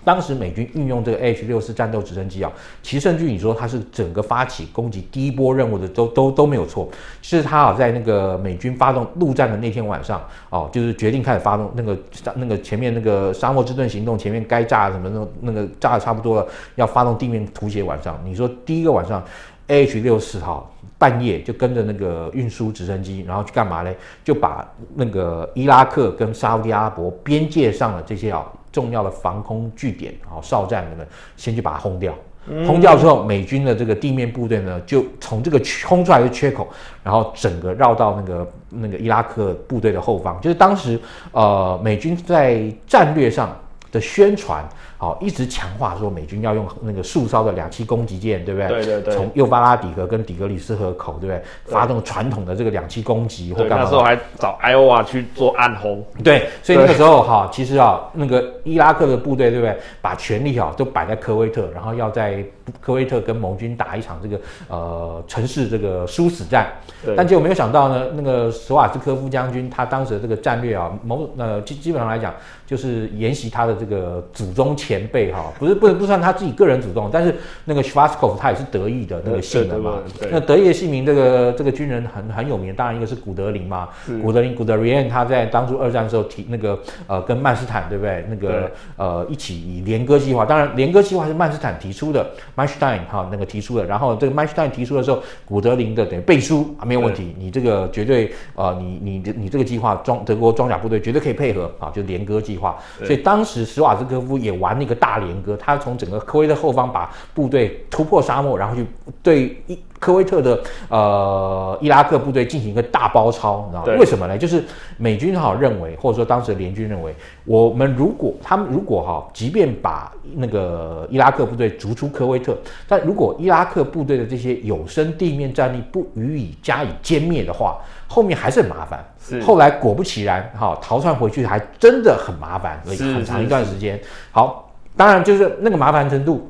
當時美軍運用這個 AH 六四戰鬥直升機啊，其實甚至你說，它是整個發起攻擊第一波任務的都都都沒有錯，是它好在那個美軍發動陸戰的那天晚上哦，就是決定開始發動那個那個前面那個沙漠之盾行動前面該炸什麼，那那個炸的差不多了，要發動地面突襲晚上，你說第一個晚上，AH 六四哈半夜就跟着那個運輸直升機，然後去幹嘛嘞？就把那個伊拉克跟沙烏地阿拉伯邊界上的這些啊。重要的防空據點，然後哨站什麼，先去把它轟掉。嗯、轟掉之後，美軍的這個地面部隊呢，就從這個轟出來的缺口，然後整個繞到那個那個伊拉克部隊的後方。就是當時，呃，美軍在戰略上的宣傳。好，一直強化說美軍要用那個樹梢的兩棲攻擊艦，對不對？對對對。從幼發拉底河跟底格里斯河口，對不對？對發動傳統的這個兩棲攻擊對或幹嘛？那時候還找 Iowa 去做岸轟。對，所以那個時候哈，對其實啊，那個伊拉克的部隊，對不對？把權力哈、啊、都擺在科威特，然後要在科威特跟盟軍打一場這個呃城市這個殊死戰。對。但結果沒有想到呢，那個索瓦斯科夫將軍他當時的這個戰略啊，某呃基基本上來講就是沿襲他的這個祖宗前。前輩哈，不是不能不算他自己個人主動，但是那個施瓦斯科夫他也是德裔的那個姓名嘛。那德裔的姓名，這個這個軍人很很有名。當然一個是古德林嘛，是古德林古德里安他在當初二戰的時候提那個呃跟曼斯坦對不對？那個對呃一起以聯歌計劃，當然聯歌計劃是曼斯坦提出的曼斯坦哈那個提出的。然後這個曼斯坦提出的時候，古德林的等背書啊，沒有問題。對你這個絕對呃你你你這個計劃裝德國裝甲部隊絕對可以配合啊，就聯歌計劃。對所以當時施瓦斯科夫也完。那個大連哥，他從整個科威特後方把部隊突破沙漠，然後去對伊科威特的呃伊拉克部隊進行一個大包抄，你知道嗎？對為什麼呢？就是美軍哈認為，或者說當時的聯軍認為，我們如果他們如果哈，即便把那個伊拉克部隊逐出科威特，但如果伊拉克部隊的這些有生地面戰力不予以加以殲滅的話，後面還是很麻煩。是後來果不其然哈，逃竄回去還真的很麻煩，所以很長一段時間。是好。當然，就是那個麻煩程度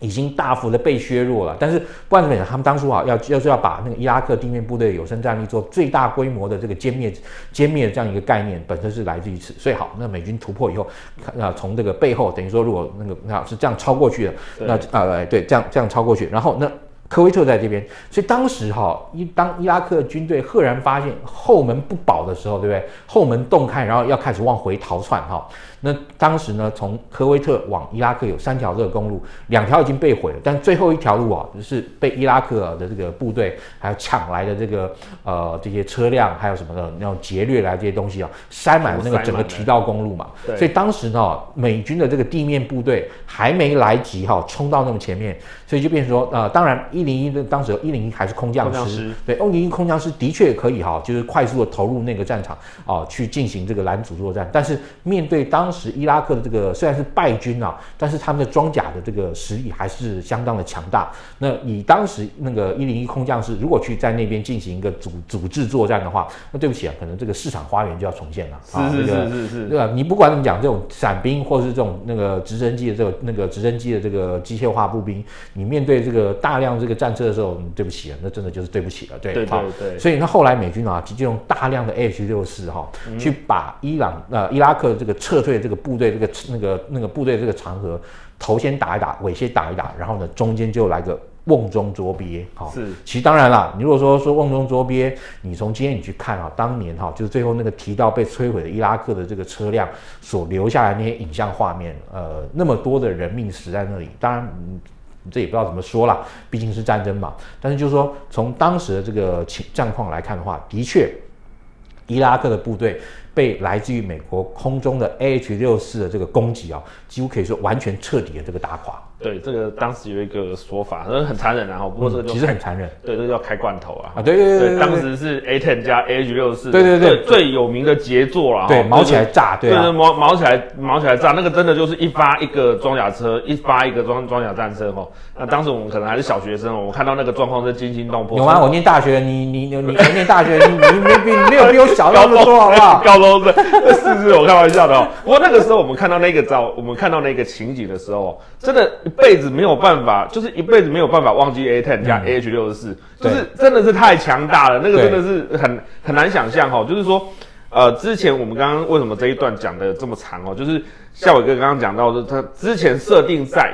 已經大幅的被削弱了。但是不管怎麼樣，他們當初哈要要、就是要把那個伊拉克地面部隊有生戰力做最大規模的這個殲滅，殲滅這樣一個概念本身是來自於此。所以好，那美軍突破以後，那從這個背後等於說，如果那個那是這樣抄過去的，對那呃、啊、對，對，這樣這樣抄過去。然後那科威特在這邊，所以當時哈伊當伊拉克軍隊赫然發現後門不保的時候，對不對？後門洞開，然後要開始往回逃竄哈。那當時呢，從科威特往伊拉克有三條這個公路，兩條已經被毀了，但最後一條路啊，就是被伊拉克的這個部隊還有搶來的這個呃這些車輛，還有什麼的，那種劫掠來這些東西啊，塞滿了那個整個提到公路嘛。對。所以當時呢，美軍的這個地面部隊還沒來及哈衝到那麼前面，所以就變成說，呃，當然一零一的當時一零一還是空降師，降師對，一零一空降師的確可以哈，就是快速的投入那個戰場啊、呃，去進行這個攔阻作戰。但是面對當當時伊拉克的這個雖然是敗軍啊，但是他們的裝甲的這個實力還是相當的強大。那你當時那個一零一空降師如果去在那邊進行一個阻阻滯作戰的話，那對不起啊，可能這個市場花園就要重現了。是是是是是，對吧？你不管怎麼講，這種傘兵或者是這種那個直升機的這個那個直升機的這個機械化步兵，你面對這個大量這個戰車的時候，嗯、對不起啊，那真的就是對不起了。對對對，對、啊。所以那後來美軍啊，就用大量的 AH-64 哈去把伊朗呃伊拉克這個撤退。這個部隊，這個那個那個部隊，這個長河頭先打一打，尾先打一打，然後呢，中間就來個瓮中捉鱉，好、哦，是，其實當然了，你如果說說瓮中捉鱉，你從今天你去看啊，當年哈、啊，就是最後那個提到被摧毀的伊拉克的這個車輛所留下來的那些影像畫面，呃，那麼多的人命死在那裡，當然、嗯，這也不知道怎麼說啦，畢竟是戰爭嘛。但是就是說，從當時的這個戰況來看的話，的確，伊拉克的部隊。被來自於美國空中的 A H 六四的這個攻擊啊，幾乎可以說完全徹底的這個打垮。對，這個當時有一個說法，說很殘忍啊，哈，不過說其實很殘忍，對，這個叫開罐頭啊，對對對，當時是 A10 加 AH64，對對對，最有名的傑作了，對，毛起來炸，對，毛毛起來毛起來炸，那個真的就是一發一個裝甲車，一發一個裝裝甲戰車哦，那當時我們可能還是小學生哦，我看到那個狀況是驚心動魄。有嗎？我念大學，你你你你念大學，你你你比沒有比我小那麼多好不好？高中生，不是我開玩笑的哦，不過那個時候我們看到那個照，我們看到那個情景的時候，真的。輩子沒有辦法，就是一輩子沒有辦法忘記 A-10 加 AH-64，就是真的是太強大了，那個真的是很對很難想象哈、哦。就是說，呃，之前我們剛剛為什麼這一段講的這麼長哦？就是孝瑋哥剛剛講到，的，他之前設定在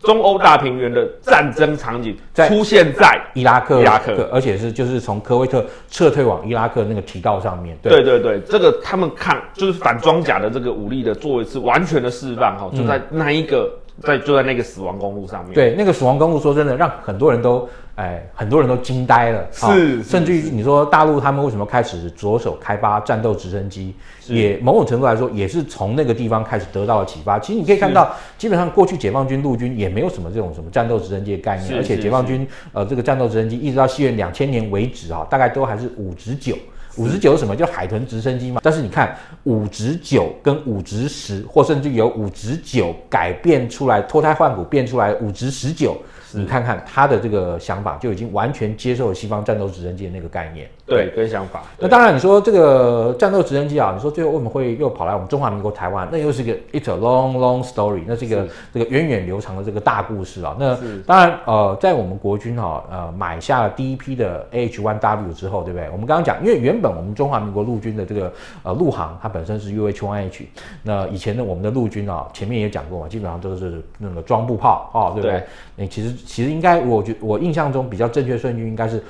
中歐大平原的戰爭場景出現在伊拉克，伊拉克，拉克而且是就是從科威特撤退往伊拉克那個提到上面。對，對對對，這個他們看就是反裝甲的這個武力的做一次完全的釋放哈，就在那一個。嗯對，就在那個死亡公路上面。對，那個死亡公路，說真的，讓很多人都哎，很多人都驚呆了。是、啊，甚至於你說大陸他們為什麼開始着手開發戰鬥直升機，是也某種程度來說，也是從那個地方開始得到了啟發。其實你可以看到，是基本上過去解放軍陸軍也沒有什麼這種什麼戰鬥直升機的概念，是而且解放軍呃，這個戰鬥直升機一直到西元兩千年為止啊，大概都還是武直九。9, 五十九什麼？就海豚直升機嘛。但是你看，五十九跟五十十，或甚至由五十九改變出來、脫胎換骨變出來五十九。你是看看他的這個想法，就已經完全接受了西方戰鬥直升機的那個概念。對，跟想法。對那當然，你說這個戰鬥直升機啊，你說最後為什麼會又跑來我們中華民國台灣？那又是一個 It's a long long story，那、這個、是一個這個源遠流長的這個大故事啊。那當然，是呃，在我們國軍哈、啊，呃，買下了第一批的 A H one W 之後，對不對？我們剛剛講，因為原本我們中華民國陸軍的這個呃陸航，它本身是 U H one H，那以前呢，我們的陸軍啊，前面也講過嘛，基本上都是那個裝步炮哦，對不對？你對其實。其實應該，我覺得我印象中比較正確順序應該是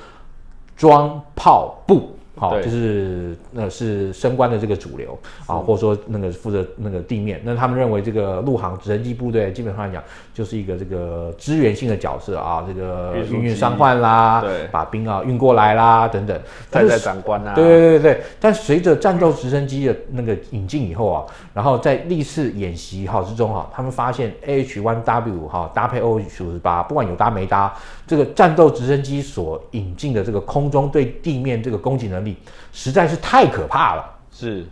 裝炮布。好，對就是那是升官的這個主流啊，或者說那個負責那個地面，那他們認為這個陸航直升機部隊基本上來講就是一個這個支援性的角色啊，這個運運傷患啦，對，把兵啊運過來啦等等，帶帶長官啊，對對對對。但隨着戰鬥直升機的那個引進以後啊，然後在歷次演習好之中哈、啊，他們發現 AH-1W 哈、啊、搭配 O、OH、五十八，不管有搭沒搭。這個戰鬥直升機所引進的這個空中對地面這個攻擊能力實在是太可怕了。是。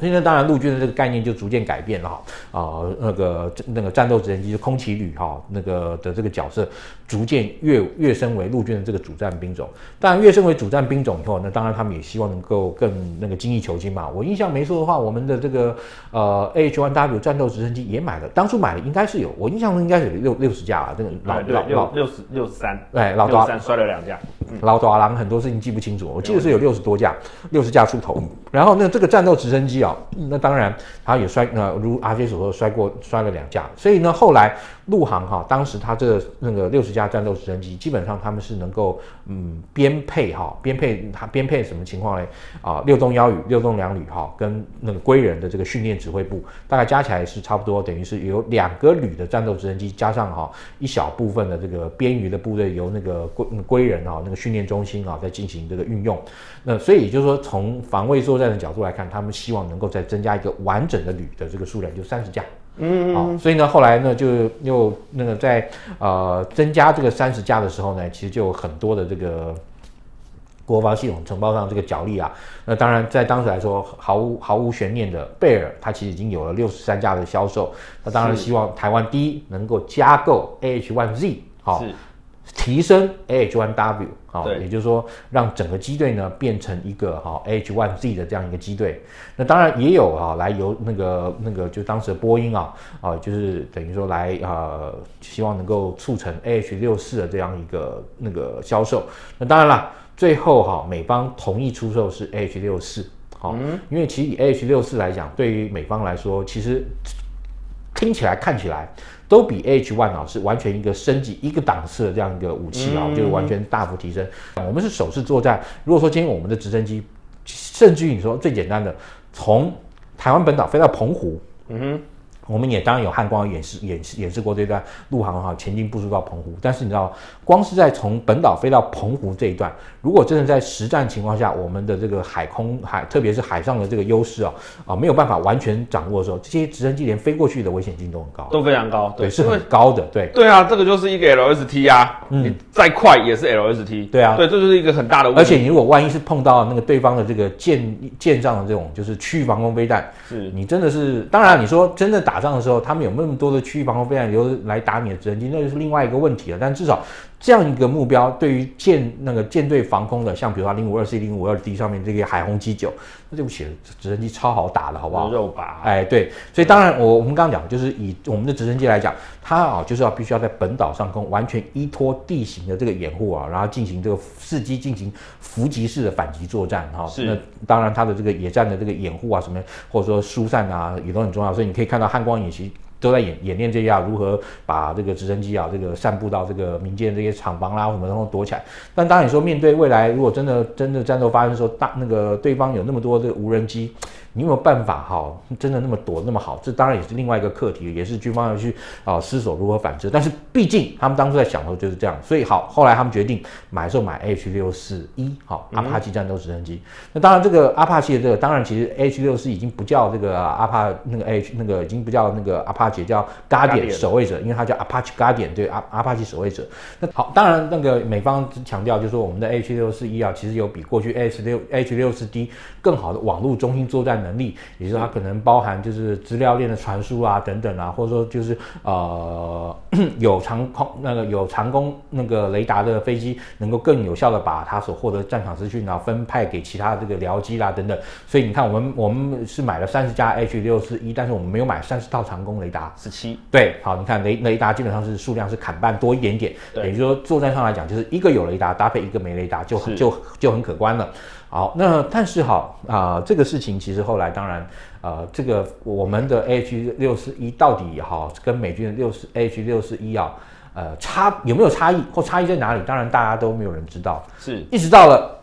現在當然陸軍的這個概念就逐漸改變了哈啊、呃、那個那個戰鬥直升機就空騎旅哈、啊、那個的這個角色逐漸躍躍升為陸軍的這個主戰兵種。但躍升為主戰兵種以後呢，那當然他們也希望能夠更那個精益求精嘛。我印象沒錯的話，我們的這個呃 AH-1W 戰鬥直升機也買了，當初買的應該是有我印象中應該是有六六十架啊，這、那個老對對對老老六,六十三、哎、老六三，哎老多，摔了兩架，嗯、老抓狼很多事情記不清楚，我記得是有六十多架，六十、嗯、架出頭。嗯、然後那這個戰鬥直升機啊。嗯，那當然，他也摔，呃，如阿飛所說，摔過，摔了兩架，所以呢，後來。陸航哈、啊，當時他這個那個六十架戰鬥直升機，基本上他們是能夠嗯編配哈，編配他、啊、編，編配什麼情況呢？啊，六洞幺旅、六洞兩旅哈、啊，跟那個歸仁的這個訓練指揮部，大概加起來是差不多，等於是有兩個旅的戰鬥直升機，加上哈、啊、一小部分的這個編餘的部隊，由那個歸、嗯、歸仁啊那個訓練中心啊在進行這個運用。那所以也就是說，從防衛作戰的角度來看，他們希望能夠再增加一個完整的旅的這個數量，就三十架。嗯，好，所以呢，後來呢，就又那個在呃增加這個三十架的時候呢，其實就有很多的這個國防系統承包商這個角力啊。那當然，在當時來說，毫無毫無懸念的貝爾，他其實已經有了六十三架的銷售，他當然希望台灣第一能夠加購 AH-1Z 好，是提升 A H One W 啊、哦，對也就是說讓整個機隊呢變成一個哈 A、哦、H One Z 的這樣一個機隊。那當然也有哈、哦、來由那個那個就當時的波音啊啊、哦哦，就是等於說來啊、呃，希望能夠促成 A H 六四的這樣一個那個銷售。那當然了，最後哈、哦、美方同意出售是 A H 六四、哦，好、嗯，因為其實以 A H 六四來講，對於美方來說其實。聽起來、看起來都比 AH-1 啊、哦、是完全一個升級、一個檔次的這樣一個武器啊、哦，就是完全大幅提升。我們是首次作戰，如果說今天我們的直升機，甚至於你說最簡單的，從台灣本島飛到澎湖，嗯哼。我們也當然有漢光演示演示演示過，這段陸航哈前進部署到澎湖，但是你知道，光是在從本島飛到澎湖這一段，如果真的在實戰情況下，我們的這個海空海，特別是海上的這個優勢哦，啊沒有辦法完全掌握的時候，這些直升機連飛過去的危險性都很高，都非常高，對，對，是很高的，對，對啊，這個就是一個 LST 啊。你、嗯、再快也是 LST，對啊，對，這就是一個很大的問題。而且你如果萬一是碰到那個對方的這個艦艦上的這種就是區域防空飛彈，是你真的是，當然你說真的打。打仗的時候，他們有，有那麼多的區域防空飛彈，由來打你的直升機，那就是另外一個問題了。但至少。這樣一個目標，對於艦那個艦隊防空的，像比如說零五二 C、零五二 D 上面這個海紅旗九，那對不起，直升機超好打的，好不好？肉靶。哎，對，所以當然我我們剛剛講，就是以我們的直升機來講，它啊就是要必須要在本島上空完全依托地形的這個掩護啊，然後進行這個伺機進行伏擊式的反擊作戰哈、啊。是那當然它的這個野戰的這個掩護啊，什麼或者說疏散啊，也都很重要。所以你可以看到漢光演習。都在演演練這一下、啊、如何把這個直升機啊，這個散布到這個民間這些廠房啦、啊、什麼，然後躲起來。但當你說，面對未來，如果真的真的戰鬥發生的時候，大那個對方有那麼多的無人機。你有沒有辦法？哈，真的那麼躲那麼好？這當然也是另外一個課題，也是軍方要去啊思索如何反制。但是畢竟他們當初在想的時候就是這樣，所以好，後來他們決定買的時候買 H 六四 E，好，阿帕奇戰鬥直升機。那當然，這個阿帕奇的這個當然其實 H 六四已經不叫這個阿帕那個 H 那個已經不叫那個阿帕奇，叫 Guardian 守衛者，因為它叫 Apache Guardian，對阿阿帕奇守衛者。那好，當然那個美方強調就是說，我們的 H 六四 E 啊，其實有比過去 H 六 H 六四 D 更好的網絡中心作戰。能力，也就是它可能包含就是資料鏈的傳輸啊，等等啊，或者說就是呃有長空那個有長弓那個雷達的飛機，能夠更有效的把它所獲得戰場資訊啊分派給其他的這個僚機啦等等。所以你看，我們我們是買了三十架 H 六四 E，但是我們沒有買三十套長弓雷達，十七。對，好，你看雷雷達基本上是數量是砍半多一點點，也就是說作戰上來講，就是一個有雷達搭配一個沒雷達就很是就就很可觀了。好，那但是好啊、呃，這個事情其實後來當然，呃，這個我們的 A H 六四一到底哈跟美軍的六四 A H 六四一啊，呃，差有沒有差異或差異在哪裡？當然大家都沒有人知道，是，一直到了。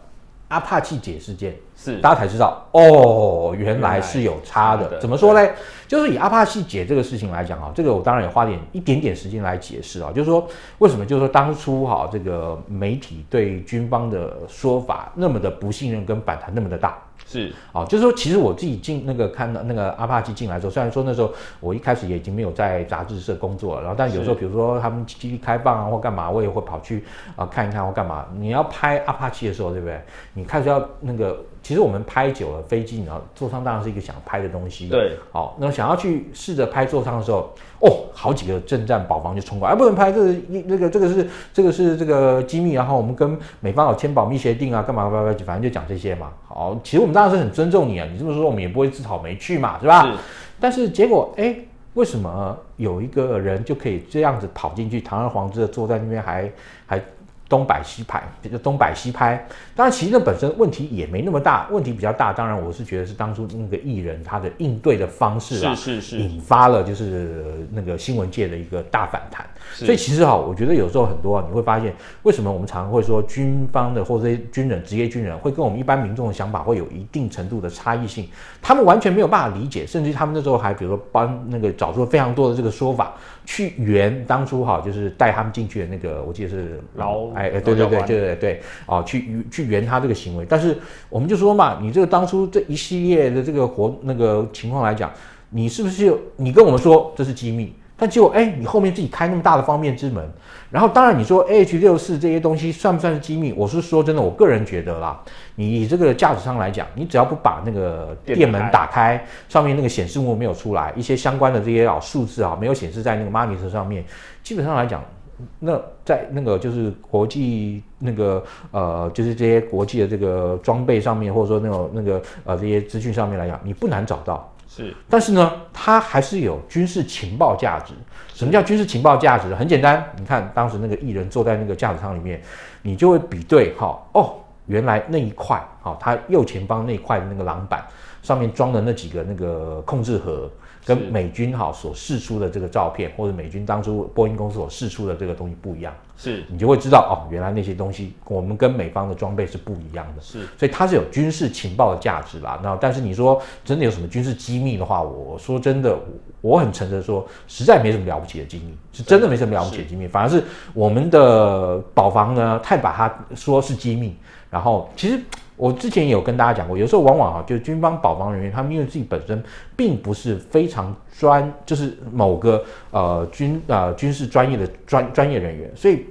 阿帕契解事件，是大家才知道哦，原來是有差的。的的怎麼說呢？的就是以阿帕契解這個事情來講哈，這個我當然也花點一點點時間來解釋啊，就是說為什麼，就是說當初哈這個媒體對軍方的說法那麼的不信任，跟反彈那麼的大。是，啊、哦，就是說，其實我自己進那個看的那個阿帕契進來的時候，雖然說那時候我一開始也已經沒有在雜誌社工作了，然後但有時候是比如說他們基地開放啊或幹嘛，我也會跑去啊、呃、看一看或幹嘛。你要拍阿帕契的時候，對不對？你開始要那個。其實我們拍久了飛機，然後座艙當然是一個想拍的東西。對，好、哦，那麼想要去試着拍座艙的時候，哦，好幾個政戰保防就衝過來、啊，不能拍，這是那個、這個這個、這個是這個是這個機密，然後我們跟美方有簽保密協定啊，幹嘛幹嘛，反正就講這些嘛。好、哦，其實我們當然是很尊重你啊，你這麼說我們也不會自討沒趣嘛，是吧？是但是結果，哎，為什麼有一個人就可以這樣子跑進去，堂而皇之的坐在那邊還，還還？東擺西拍，這個東擺西拍，當然其實那本身問題也沒那麼大，問題比較大。當然我是覺得是當初那個藝人他的應對的方式啊，是是是，引發了就是那個新聞界的一個大反彈。是是所以其實哈，我覺得有時候很多啊，你會發現，為什麼我們常常會說軍方的或者一些軍人、職業軍人會跟我們一般民眾的想法會有一定程度的差異性，他們完全沒有辦法理解，甚至他們那時候還比如說幫那個找出了非常多的這個說法。去圓當初哈，就是帶他們進去的那個，我記得是勞、嗯、哎，對對對，對對對，哦，去去圓他這個行為。但是我們就說嘛，你這個當初這一系列的這個活那個情況來講，你是不是你跟我們說這是機密？但結果哎，你後面自己開那麼大的方便之門。然後當然你說 AH-64 這些東西算不算是機密？我是說真的，我個人覺得啦。你以這個駕駛艙來講，你只要不把那個電門打開，開上面那個顯示幕沒有出來，一些相關的這些啊數字啊沒有顯示在那個馬裡斯上面。基本上來講，那在那個就是國際那個呃，就是這些國際的這個裝備上面，或者說那種那個呃這些資訊上面來講，你不難找到。是，但是呢，它還是有軍事情報價值。是什麼叫軍事情報價值？很簡單，你看當時那個藝人坐在那個駕駛艙裡面，你就會比對哈哦。原來那一塊，好、哦，它右前方那一塊的那個擋板上面裝的那幾個那個控制盒，跟美軍哈所釋出的這個照片，或者美軍當初波音公司所釋出的這個東西不一樣，是，你就會知道哦，原來那些東西我們跟美方的裝備是不一樣的，是，所以它是有軍事情報的價值啦。那但是你說真的有什麼軍事機密的話，我說真的，我很誠實說，實在沒什麼了不起的機密，是真的沒什麼了不起的機密，是反而是我們的保防呢太把它說是機密。然後，其實我之前也有跟大家講過，有時候往往啊，就是軍方保防人員，他們因為自己本身並不是非常專，就是某個呃軍呃軍事專業的專專業人員，所以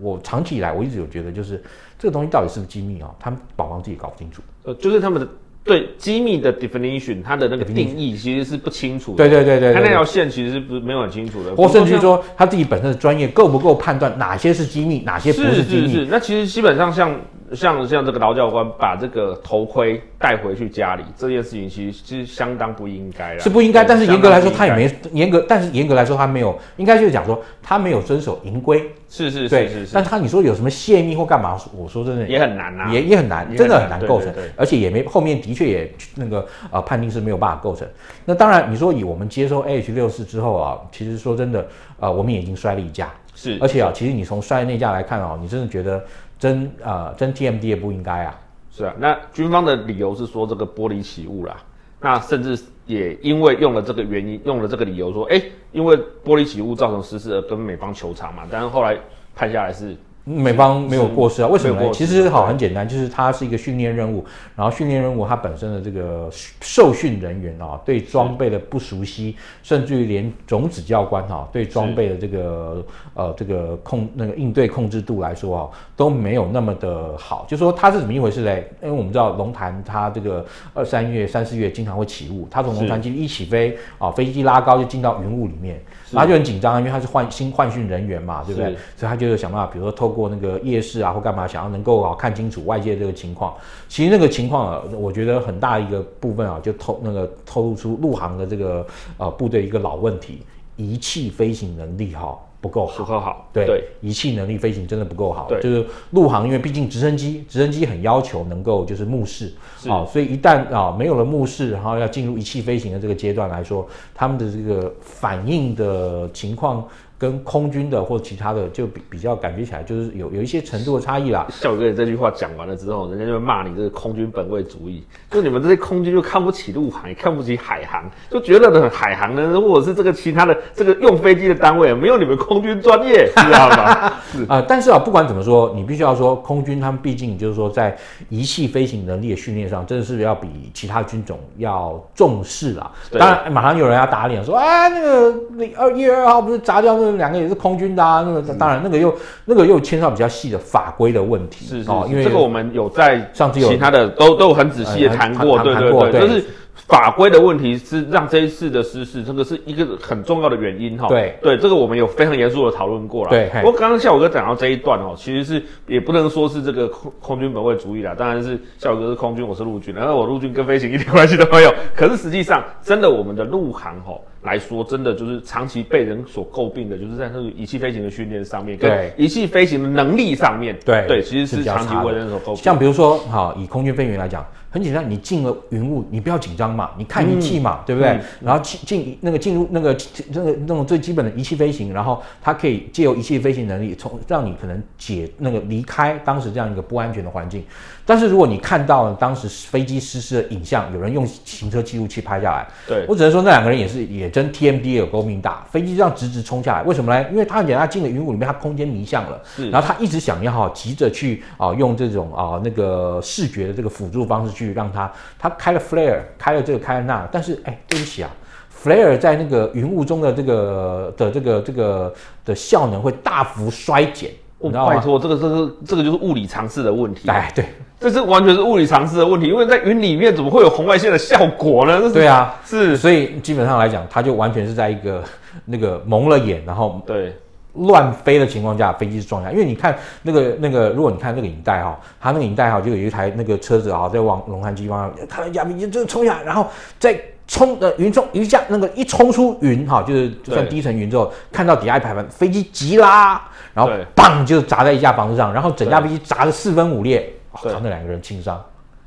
我，我長期以來我一直有覺得，就是這個東西到底是不是機密哦，他們保防自己搞不清楚，呃，就是他們的。對機密的 definition，它的那個定義其實是不清楚的。嗯、對,對,對對對對，他那條線其實是不是沒有很清楚的。或甚至說他自己本身的專業夠不夠判斷哪些是機密，哪些不是機密？是是是。那其實基本上像。像像這個老教官把這個頭盔帶回去家裡這件事情，其實其實相當不應該了。是不應該，對但是嚴格來說他也沒嚴格，但是嚴格來說他沒有，應該就是講說他沒有遵守營規。是是是，但他你說有什麼泄密或幹嘛？我說真的也很難啊，也也很難，很難真的很難對對對對構成，而且也沒後面的確也那個、呃、判定是沒有辦法構成。那當然你說以我們接收 AH 六四之後啊，其實說真的呃我們已經摔了一架。是，是，而且啊其實你從摔那架來看啊，你真的覺得。真呃真 TMD 也不應該啊！是啊，那軍方的理由是說這個玻璃起霧啦，那甚至也因為用了這個原因，用了這個理由說，哎、欸，因為玻璃起霧造成失事而跟美方求償嘛，但是後來判下來是。美方沒有過失啊？為什麼呢？其實好很簡單，就是它是一個訓練任務，然後訓練任務它本身的這個受訓人員啊，對裝備的不熟悉，是甚至於連種子教官啊，對裝備的這個是呃這個控那個應對控制度來說啊，都沒有那麼的好。就說它是怎麼一回事嘞？因為我們知道龍潭它這個二三月、三四月經常會起霧，它從龍潭機一起飛啊，飛機拉高就進到雲霧裡面。他就很緊張，因為他是換新換訓人員嘛，對不對？是所以他就想辦法，比如說透過那個夜視啊，或幹嘛，想要能夠啊看清楚外界這個情況。其實那個情況啊，我覺得很大一個部分啊，就透那個透露出陸航的這個啊、呃、部隊一個老問題——儀器飛行能力哈、啊不夠好，好，對，對，儀器能力飛行真的不夠好，對就是陸航，因為畢竟直升機，直升機很要求能夠就是目視，是啊，所以一旦啊沒有了目視，然後要進入儀器飛行的這個階段來說，他們的這個反應的情況。跟空軍的或其他的就比比較感覺起來就是有有一些程度的差異啦。小哥你這句話講完了之後，人家就會罵你這個空軍本位主義，就你們這些空軍就看不起陸航，也看不起海航，就覺得呢海航呢如果是這個其他的這個用飛機的單位，沒有你們空軍專業，知道、 啊、嗎？啊 是、呃，但是啊，不管怎麼說，你必須要說空軍他們畢竟就是說在儀器飛行能力的訓練上，真的是要比其他軍種要重視啦。對當然，馬上有人要打臉說啊，那個二月二號不是炸掉那個，這兩個也是空軍的，啊，那個當然，那個又，嗯，那個又牽扯比較細的法規的問題，是啊是，哦，因為這個我們有在上次有其他的都都很仔細的談過，哎，談談談對對對，對就是法規的問題是讓這一次的失事，嗯，這個是一個很重要的原因哈，對、哦、對，這個我們有非常嚴肅的討論過了，對。不過剛剛孝瑋哥講到這一段哦，其實是也不能說是這個空空軍本位主義啦，當然是孝瑋哥是空軍，我是陸軍，然後我陸軍跟飛行一點關係都沒有，可是實際上真的我們的陸航哈。哦來說，真的就是長期被人所詬病的，就是在那個儀器飛行的訓練上面，對儀器飛行的能力上面，對對，對其實是長期為人所詬病的的。像比如說，哈，以空軍飛行員來講，很簡單，你進了雲霧，你不要緊張嘛，你看儀器嘛，嗯、對不對？嗯、然後進進那個進入那個那個那種最基本的儀器飛行，然後它可以借由儀器飛行能力從，從讓你可能解那個離開當時這樣一個不安全的環境。但是如果你看到呢，當時飛機失事的影像，有人用行車記錄器拍下來，對，我只能說那兩個人也是也真 TMD 有夠命大，飛機這樣直直衝下來，為什麼呢？因為他很簡單，進了雲霧裡面，他空間迷向了，是然後他一直想要哈急着去啊、呃、用這種啊、呃、那個視覺的這個輔助方式去讓他他開了 flare 開了這個開了那，但是哎對不起啊，flare、嗯、在那個雲霧中的這個的這個這個的效能會大幅衰減。哦，拜託，這個、就是、這這個就是物理常識的問題。哎，對，這是完全是物理常識的問題，因為在雲裡面怎麼會有紅外線的效果呢？對啊，是，所以基本上來講，它就完全是在一個那個蒙了眼，然後對亂飛的情況下，飛機是撞下。對因為你看那個那個，如果你看那個影帶哈、哦，它那個影帶哈、哦，就有一台那個車子啊、哦，在往龍潭基方向，它明天就衝下然後在。衝呃，雲衝一下，那個一衝出雲哈、啊，就是就算低層雲之後，對看到底下一排班，飛機急拉，然後嘣就砸在一架房子上，然後整架飛機砸得四分五裂，好在對、哦、兩個人輕傷。對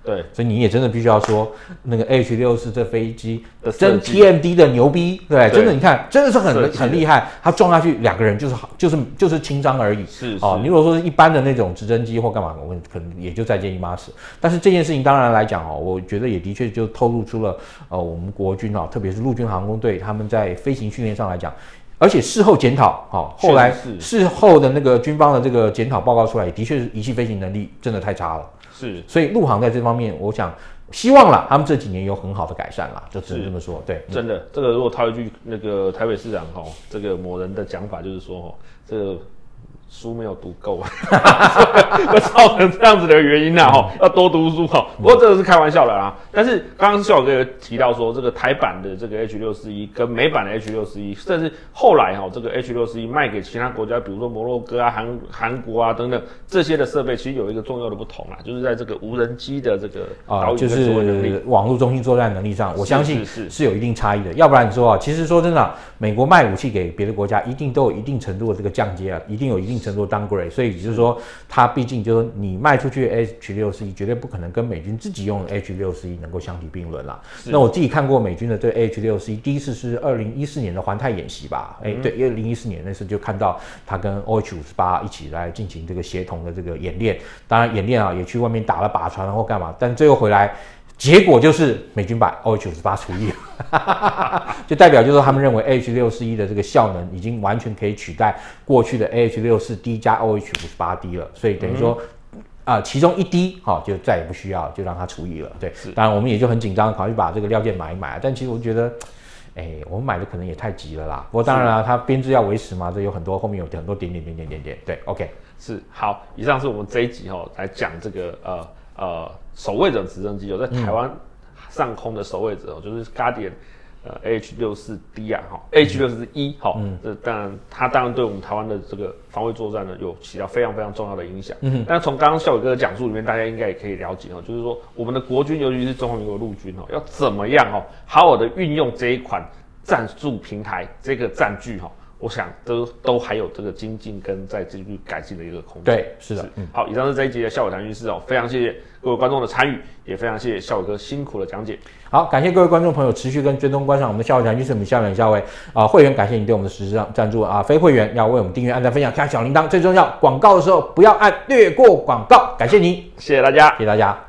對，所以你也真的必須要說，那個 H 六四這飛機計真 TMD 的牛逼，對，對真的你看，真的是很的很厲害，它撞下去兩個人就是好，就是就是輕傷而已。是啊，哦，你如果說是一般的那種直升機或幹嘛，我們可能也就再接一碼事。但是這件事情當然來講哦，我覺得也的確就透露出了呃，我們國軍啊，特別是陸軍航空隊他們在飛行訓練上來講，而且事後檢討哦，後來事後的那個軍方的這個檢討報告出來，也的確是儀器飛行能力真的太差了。是，所以陸航在這方面，我想希望了，他們這幾年有很好的改善了，就只是這麼說。是對，真的，嗯、這個如果套一句那個台北市長吼、哦，這個某人的講法就是說吼、哦，這個。書沒有讀夠啊，造成這樣子的原因吶，吼，要多讀書吼、啊。不過這個是開玩笑的啊。但是剛剛孝哥也提到說，這個台版的這個 AH-64E 跟美版的 AH-64E，甚至後來哈，這個 AH-64E 賣給其他國家，比如說摩洛哥啊、韓韓國啊等等這些的設備，其實有一個重要的不同啦、啊，就是在這個無人機的這個的啊，就是網絡中心作戰能力上，我相信是有一定差異的。是是是，要不然你說啊，其實說真的、啊，美國賣武器給別的國家，一定都有一定程度的這個降階啊，一定有一定程度的、啊。一定程度 downgrade，所以就是說，它畢竟就是你賣出去的 H 六十四絕對不可能跟美軍自己用的 H 六十四能夠相提並論了。是那我自己看過美軍的對 H 六十四，第一次是二零一四年的環太演習吧？誒、嗯欸，對，二零一四年那次就看到他跟 O H 五十八一起來進行這個協同的這個演練。當然演練啊，也去外面打了靶船，然後幹嘛？但最後回來。結果就是美軍把 O H 五十八除役， 就代表就是他們認為 A H 六四 E 的這個效能已經完全可以取代過去的 A H 六四 D 加 O H 五十八 D 了，所以等於說啊、呃，其中一 D 哈就再也不需要，就讓它除役了。對，當然我們也就很緊張，考慮把這個料件買一買。但其實我覺得，哎，我們買的可能也太急了啦。不過當然啦、啊，它編制要維持嘛，這有很多後面有很多點點點點點點。對，OK，是好。以上是我們這一集哦，來講這個呃。呃，守衛者直升機有在台灣上空的守衛者，嗯、就是 Guardian，呃，H 六四 D 啊，哈，H 六四 E 哈，嗯、這當然它當然對我們台灣的這個防衛作戰呢有起到非常非常重要的影響。嗯，但從剛剛孝瑋哥的講述裡面，大家應該也可以了解哦、啊，就是說我們的國軍，尤其是中華民國陸軍哦、啊，要怎麼樣哦、啊，好好的運用這一款戰術平台這個戰具哈。啊我想都都還有這個精進跟再繼續改進的一個空間。對，是的。嗯、好，以上是這一集的孝瑋談軍事哦，非常謝謝各位觀眾的參與，也非常謝謝孝瑋哥辛苦的講解。好，感謝各位觀眾朋友持續跟追蹤觀賞我們的孝瑋談軍事，我們下面下位啊會員，感謝你對我們的實質上贊助啊、呃。非會員要為我們訂閱、按讚、分享、加小鈴鐺。最重要，廣告的時候不要按略過廣告。感謝你，謝謝大家，謝謝大家。謝謝大家